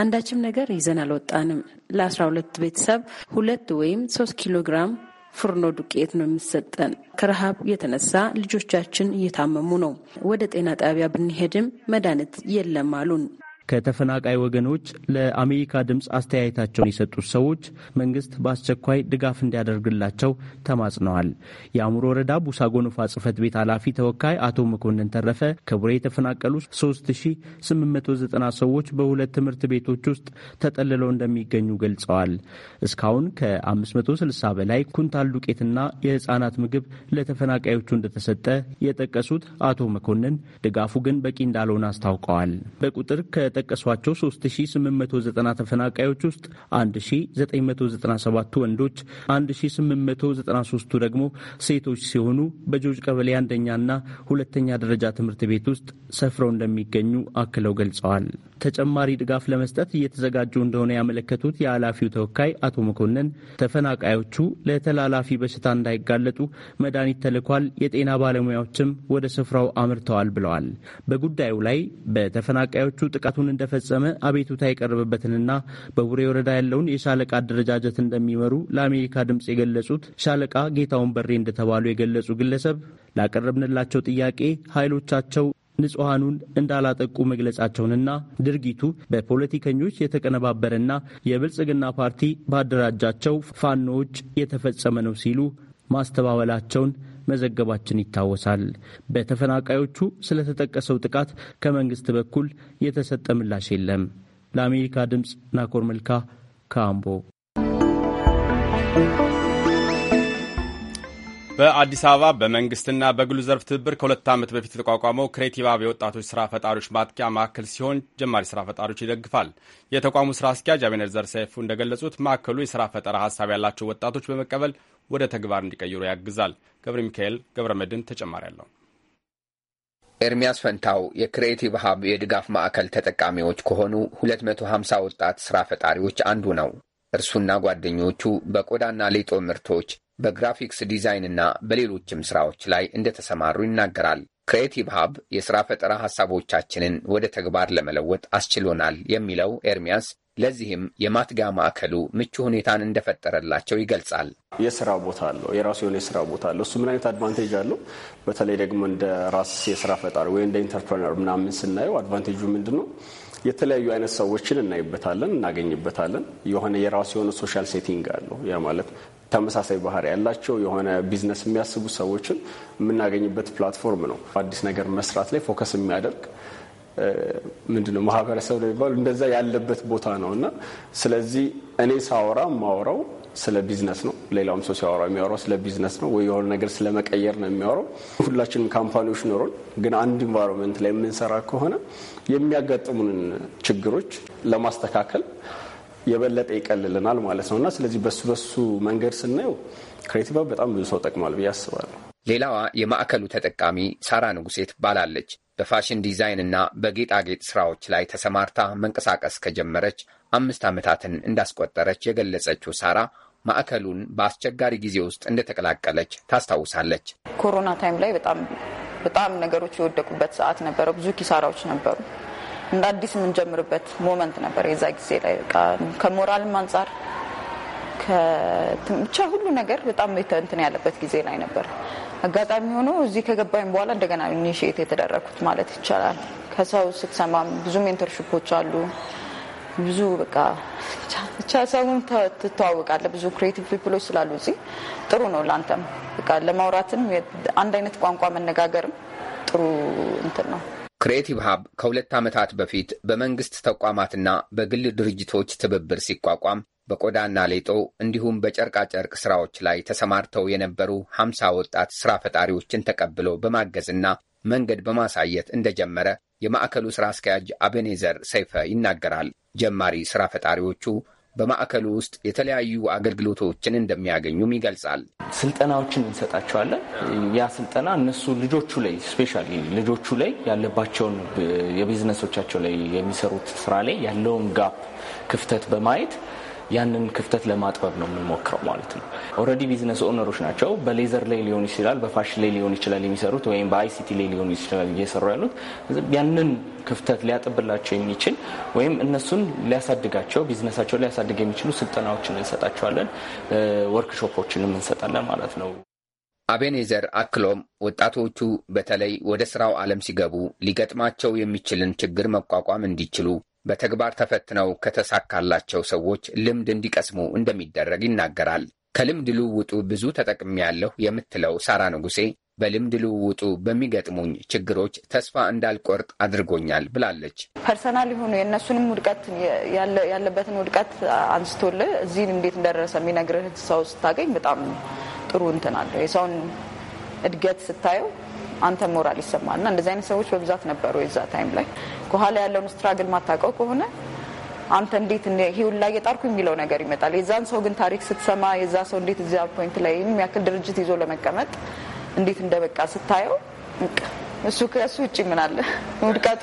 አንዳችም ነገር ይዘን አልወጣንም። ለአስራ ሁለት ቤተሰብ ሁለት ወይም ሶስት ኪሎ ግራም ፍርኖ ዱቄት ነው የሚሰጠን። ከረሃብ የተነሳ ልጆቻችን እየታመሙ ነው። ወደ ጤና ጣቢያ ብንሄድም መድኃኒት የለም አሉን። ከተፈናቃይ ወገኖች ለአሜሪካ ድምፅ አስተያየታቸውን የሰጡት ሰዎች መንግስት በአስቸኳይ ድጋፍ እንዲያደርግላቸው ተማጽነዋል። የአእምሮ ወረዳ ቡሳ ጎንፋ ጽህፈት ቤት ኃላፊ ተወካይ አቶ መኮንን ተረፈ ከቡሬ የተፈናቀሉ 3890 ሰዎች በሁለት ትምህርት ቤቶች ውስጥ ተጠልለው እንደሚገኙ ገልጸዋል። እስካሁን ከ560 በላይ ኩንታል ዱቄትና የህፃናት ምግብ ለተፈናቃዮቹ እንደተሰጠ የጠቀሱት አቶ መኮንን ድጋፉ ግን በቂ እንዳልሆነ አስታውቀዋል። በቁጥር ከጠቀሷቸው 3890 ተፈናቃዮች ውስጥ 1997ቱ ወንዶች፣ 1893ቱ ደግሞ ሴቶች ሲሆኑ በጆጅ ቀበሌ አንደኛና ሁለተኛ ደረጃ ትምህርት ቤት ውስጥ ሰፍረው እንደሚገኙ አክለው ገልጸዋል። ተጨማሪ ድጋፍ ለመስጠት እየተዘጋጁ እንደሆነ ያመለከቱት የኃላፊው ተወካይ አቶ መኮንን ተፈናቃዮቹ ለተላላፊ በሽታ እንዳይጋለጡ መድኃኒት ተልኳል፣ የጤና ባለሙያዎችም ወደ ስፍራው አምርተዋል ብለዋል። በጉዳዩ ላይ በተፈናቃዮቹ ጥቃቱን ወንጀሉን እንደፈጸመ አቤቱታ የቀረበበትንና በቡሬ ወረዳ ያለውን የሻለቃ አደረጃጀት እንደሚመሩ ለአሜሪካ ድምፅ የገለጹት ሻለቃ ጌታውን በሬ እንደተባሉ የገለጹ ግለሰብ ላቀረብንላቸው ጥያቄ ኃይሎቻቸው ንጹሐኑን እንዳላጠቁ መግለጻቸውንና ድርጊቱ በፖለቲከኞች የተቀነባበረና የብልጽግና ፓርቲ ባደራጃቸው ፋኖዎች የተፈጸመ ነው ሲሉ ማስተባበላቸውን መዘገባችን ይታወሳል። በተፈናቃዮቹ ስለተጠቀሰው ጥቃት ከመንግስት በኩል የተሰጠ ምላሽ የለም። ለአሜሪካ ድምፅ ናኮር መልካ ከአምቦ። በአዲስ አበባ በመንግስትና በግሉ ዘርፍ ትብብር ከሁለት ዓመት በፊት የተቋቋመው ክሬቲቭ አብ የወጣቶች ስራ ፈጣሪዎች ማጥቂያ ማዕከል ሲሆን ጀማሪ ስራ ፈጣሪዎች ይደግፋል። የተቋሙ ስራ አስኪያጅ አቤነር ዘር እንደገለጹት ማዕከሉ የስራ ፈጠራ ሀሳብ ያላቸው ወጣቶች በመቀበል ወደ ተግባር እንዲቀይሩ ያግዛል። ገብረ ሚካኤል ገብረ መድን ተጨማሪ አለው። ኤርሚያስ ፈንታው የክሬኤቲቭ ሀብ የድጋፍ ማዕከል ተጠቃሚዎች ከሆኑ 250 ወጣት ሥራ ፈጣሪዎች አንዱ ነው። እርሱና ጓደኞቹ በቆዳና ሌጦ ምርቶች፣ በግራፊክስ ዲዛይንና በሌሎችም ሥራዎች ላይ እንደተሰማሩ ይናገራል። ክሬኤቲቭ ሀብ የሥራ ፈጠራ ሐሳቦቻችንን ወደ ተግባር ለመለወጥ አስችሎናል የሚለው ኤርሚያስ ለዚህም የማትጋ ማዕከሉ ምቹ ሁኔታን እንደፈጠረላቸው ይገልጻል። የስራ ቦታ አለው፣ የራሱ የሆነ የስራ ቦታ አለው። እሱ ምን አይነት አድቫንቴጅ አለው? በተለይ ደግሞ እንደ ራስ የስራ ፈጣሪ ወይ እንደ ኢንተርፕረነር ምናምን ስናየው አድቫንቴጁ ምንድን ነው? የተለያዩ አይነት ሰዎችን እናይበታለን፣ እናገኝበታለን። የሆነ የራሱ የሆነ ሶሻል ሴቲንግ አለው። ያ ማለት ተመሳሳይ ባህሪ ያላቸው የሆነ ቢዝነስ የሚያስቡ ሰዎችን የምናገኝበት ፕላትፎርም ነው። አዲስ ነገር መስራት ላይ ፎከስ የሚያደርግ ምንድነው ማህበረሰብ ነው የሚባለው እንደዛ ያለበት ቦታ ነው እና ስለዚህ እኔ ሳወራ ማወራው ስለ ቢዝነስ ነው። ሌላውም ሰው ሲያወራ የሚያወራው ስለ ቢዝነስ ነው ወይ የሆነ ነገር ስለ መቀየር ነው የሚያወራው። ሁላችንም ካምፓኒዎች ኖሮን ግን አንድ ኢንቫይሮንመንት ላይ የምንሰራ ከሆነ የሚያጋጥሙንን ችግሮች ለማስተካከል የበለጠ ይቀልልናል ማለት ነው እና ስለዚህ በሱ በሱ መንገድ ስናየው ክሬቲቭ በጣም ብዙ ሰው ጠቅሟል ብዬ አስባለሁ። ሌላዋ የማዕከሉ ተጠቃሚ ሳራ ንጉሴ ትባላለች። በፋሽን ዲዛይን እና በጌጣጌጥ ስራዎች ላይ ተሰማርታ መንቀሳቀስ ከጀመረች አምስት ዓመታትን እንዳስቆጠረች የገለጸችው ሳራ ማዕከሉን በአስቸጋሪ ጊዜ ውስጥ እንደተቀላቀለች ታስታውሳለች። ኮሮና ታይም ላይ በጣም በጣም ነገሮች የወደቁበት ሰዓት ነበረ። ብዙ ኪሳራዎች ነበሩ። እንደ አዲስ የምንጀምርበት ሞመንት ነበር። የዛ ጊዜ ላይ ከሞራልም አንጻር ብቻ ሁሉ ነገር በጣም እንትን ያለበት ጊዜ ላይ ነበር። አጋጣሚ ሆኖ እዚህ ከገባኝ በኋላ እንደገና ኢኒሽት የተደረግኩት ማለት ይቻላል። ከሰው ስትሰማም ብዙ ሜንተርሽፖች አሉ። ብዙ በቃ ብቻ ሰውም ትተዋወቃለህ። ብዙ ክሬቲቭ ፒፕሎች ስላሉ እዚህ ጥሩ ነው ለአንተም በቃ ለማውራትም አንድ አይነት ቋንቋ መነጋገርም ጥሩ እንትን ነው። ክሬቲቭ ሀብ ከሁለት ዓመታት በፊት በመንግሥት ተቋማትና በግል ድርጅቶች ትብብር ሲቋቋም በቆዳና ሌጦ እንዲሁም በጨርቃጨርቅ ሥራዎች ላይ ተሰማርተው የነበሩ ሐምሳ ወጣት ሥራ ፈጣሪዎችን ተቀብሎ በማገዝና መንገድ በማሳየት እንደጀመረ የማዕከሉ ሥራ አስኪያጅ አቤኔዘር ሰይፈ ይናገራል። ጀማሪ ሥራ ፈጣሪዎቹ በማዕከሉ ውስጥ የተለያዩ አገልግሎቶችን እንደሚያገኙም ይገልጻል። ስልጠናዎችን እንሰጣቸዋለን። ያ ስልጠና እነሱ ልጆቹ ላይ ስፔሻሊ ልጆቹ ላይ ያለባቸውን የቢዝነሶቻቸው ላይ የሚሰሩት ስራ ላይ ያለውን ጋፕ ክፍተት በማየት ያንን ክፍተት ለማጥበብ ነው የምንሞክረው ማለት ነው። ኦልሬዲ ቢዝነስ ኦነሮች ናቸው። በሌዘር ላይ ሊሆን ይችላል፣ በፋሽን ላይ ሊሆን ይችላል የሚሰሩት ወይም በአይሲቲ ላይ ሊሆን ይችላል እየሰሩ ያሉት ያንን ክፍተት ሊያጥብላቸው የሚችል ወይም እነሱን ሊያሳድጋቸው ቢዝነሳቸው ሊያሳድግ የሚችሉ ስልጠናዎችን እንሰጣቸዋለን፣ ወርክሾፖችንም እንሰጣለን ማለት ነው። አቤኔዘር አክሎም ወጣቶቹ በተለይ ወደ ስራው ዓለም ሲገቡ ሊገጥማቸው የሚችልን ችግር መቋቋም እንዲችሉ በተግባር ተፈትነው ከተሳካላቸው ሰዎች ልምድ እንዲቀስሙ እንደሚደረግ ይናገራል። ከልምድ ልውውጡ ብዙ ተጠቅሜያለሁ የምትለው ሳራ ንጉሴ በልምድ ልውውጡ በሚገጥሙኝ ችግሮች ተስፋ እንዳልቆርጥ አድርጎኛል ብላለች። ፐርሰናል የሆኑ የእነሱንም ውድቀት ያለበትን ውድቀት አንስቶል እዚህ እንዴት እንደደረሰ የሚነግርህ ሰው ስታገኝ በጣም ጥሩ እንትን አለው። የሰውን እድገት ስታየው አንተ ሞራል ይሰማልና እንደዚህ አይነት ሰዎች በብዛት ነበሩ የዛ ታይም ላይ ከኋላ ያለውን ስትራግል ማታውቀው ከሆነ አንተ እንዴት ይሁን ላይ የጣርኩ የሚለው ነገር ይመጣል። የዛን ሰው ግን ታሪክ ስትሰማ የዛ ሰው እንዴት እዚያ ፖይንት ላይ የሚያክል ድርጅት ይዞ ለመቀመጥ እንዴት እንደበቃ ስታየው እሱ ከእሱ ውጭ ምን አለ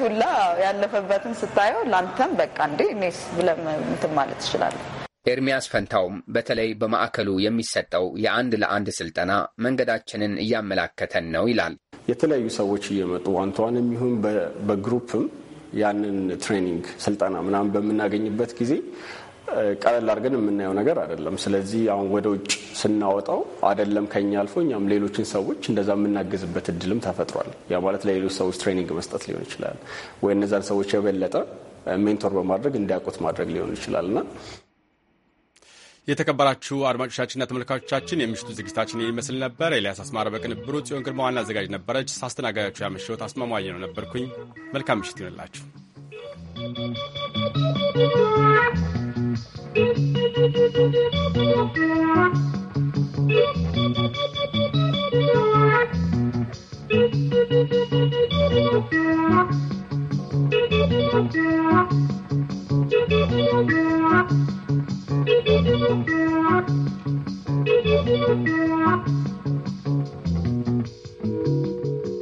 ሁላ ያለፈበትን ስታየው ለአንተም በቃ እንዴ እኔስ ብለህ እንትን ማለት ትችላለህ። ኤርሚያስ ፈንታውም በተለይ በማዕከሉ የሚሰጠው የአንድ ለአንድ ስልጠና መንገዳችንን እያመላከተን ነው ይላል። የተለያዩ ሰዎች እየመጡ ዋንተዋን ይሁን በግሩፕም ያንን ትሬኒንግ ስልጠና ምናምን በምናገኝበት ጊዜ ቀለል አድርገን የምናየው ነገር አይደለም። ስለዚህ አሁን ወደ ውጭ ስናወጣው አይደለም ከኛ አልፎ እኛም ሌሎችን ሰዎች እንደዛ የምናገዝበት እድልም ተፈጥሯል። ያ ማለት ለሌሎች ሰዎች ትሬኒንግ መስጠት ሊሆን ይችላል ወይ እነዛን ሰዎች የበለጠ ሜንቶር በማድረግ እንዲያውቁት ማድረግ ሊሆን ይችላል እና የተከበራችሁ አድማጮቻችንና ተመልካቾቻችን የምሽቱ ዝግጅታችን ይመስል ነበር። ኤልያስ አስማረ በቅንብሩ፣ ጽዮን ግርማ ዋና አዘጋጅ ነበረች። ሳስተናጋጃችሁ ያመሸሁት አስማማኝ ነው ነበርኩኝ። መልካም ምሽት ይሆንላችሁ። thank you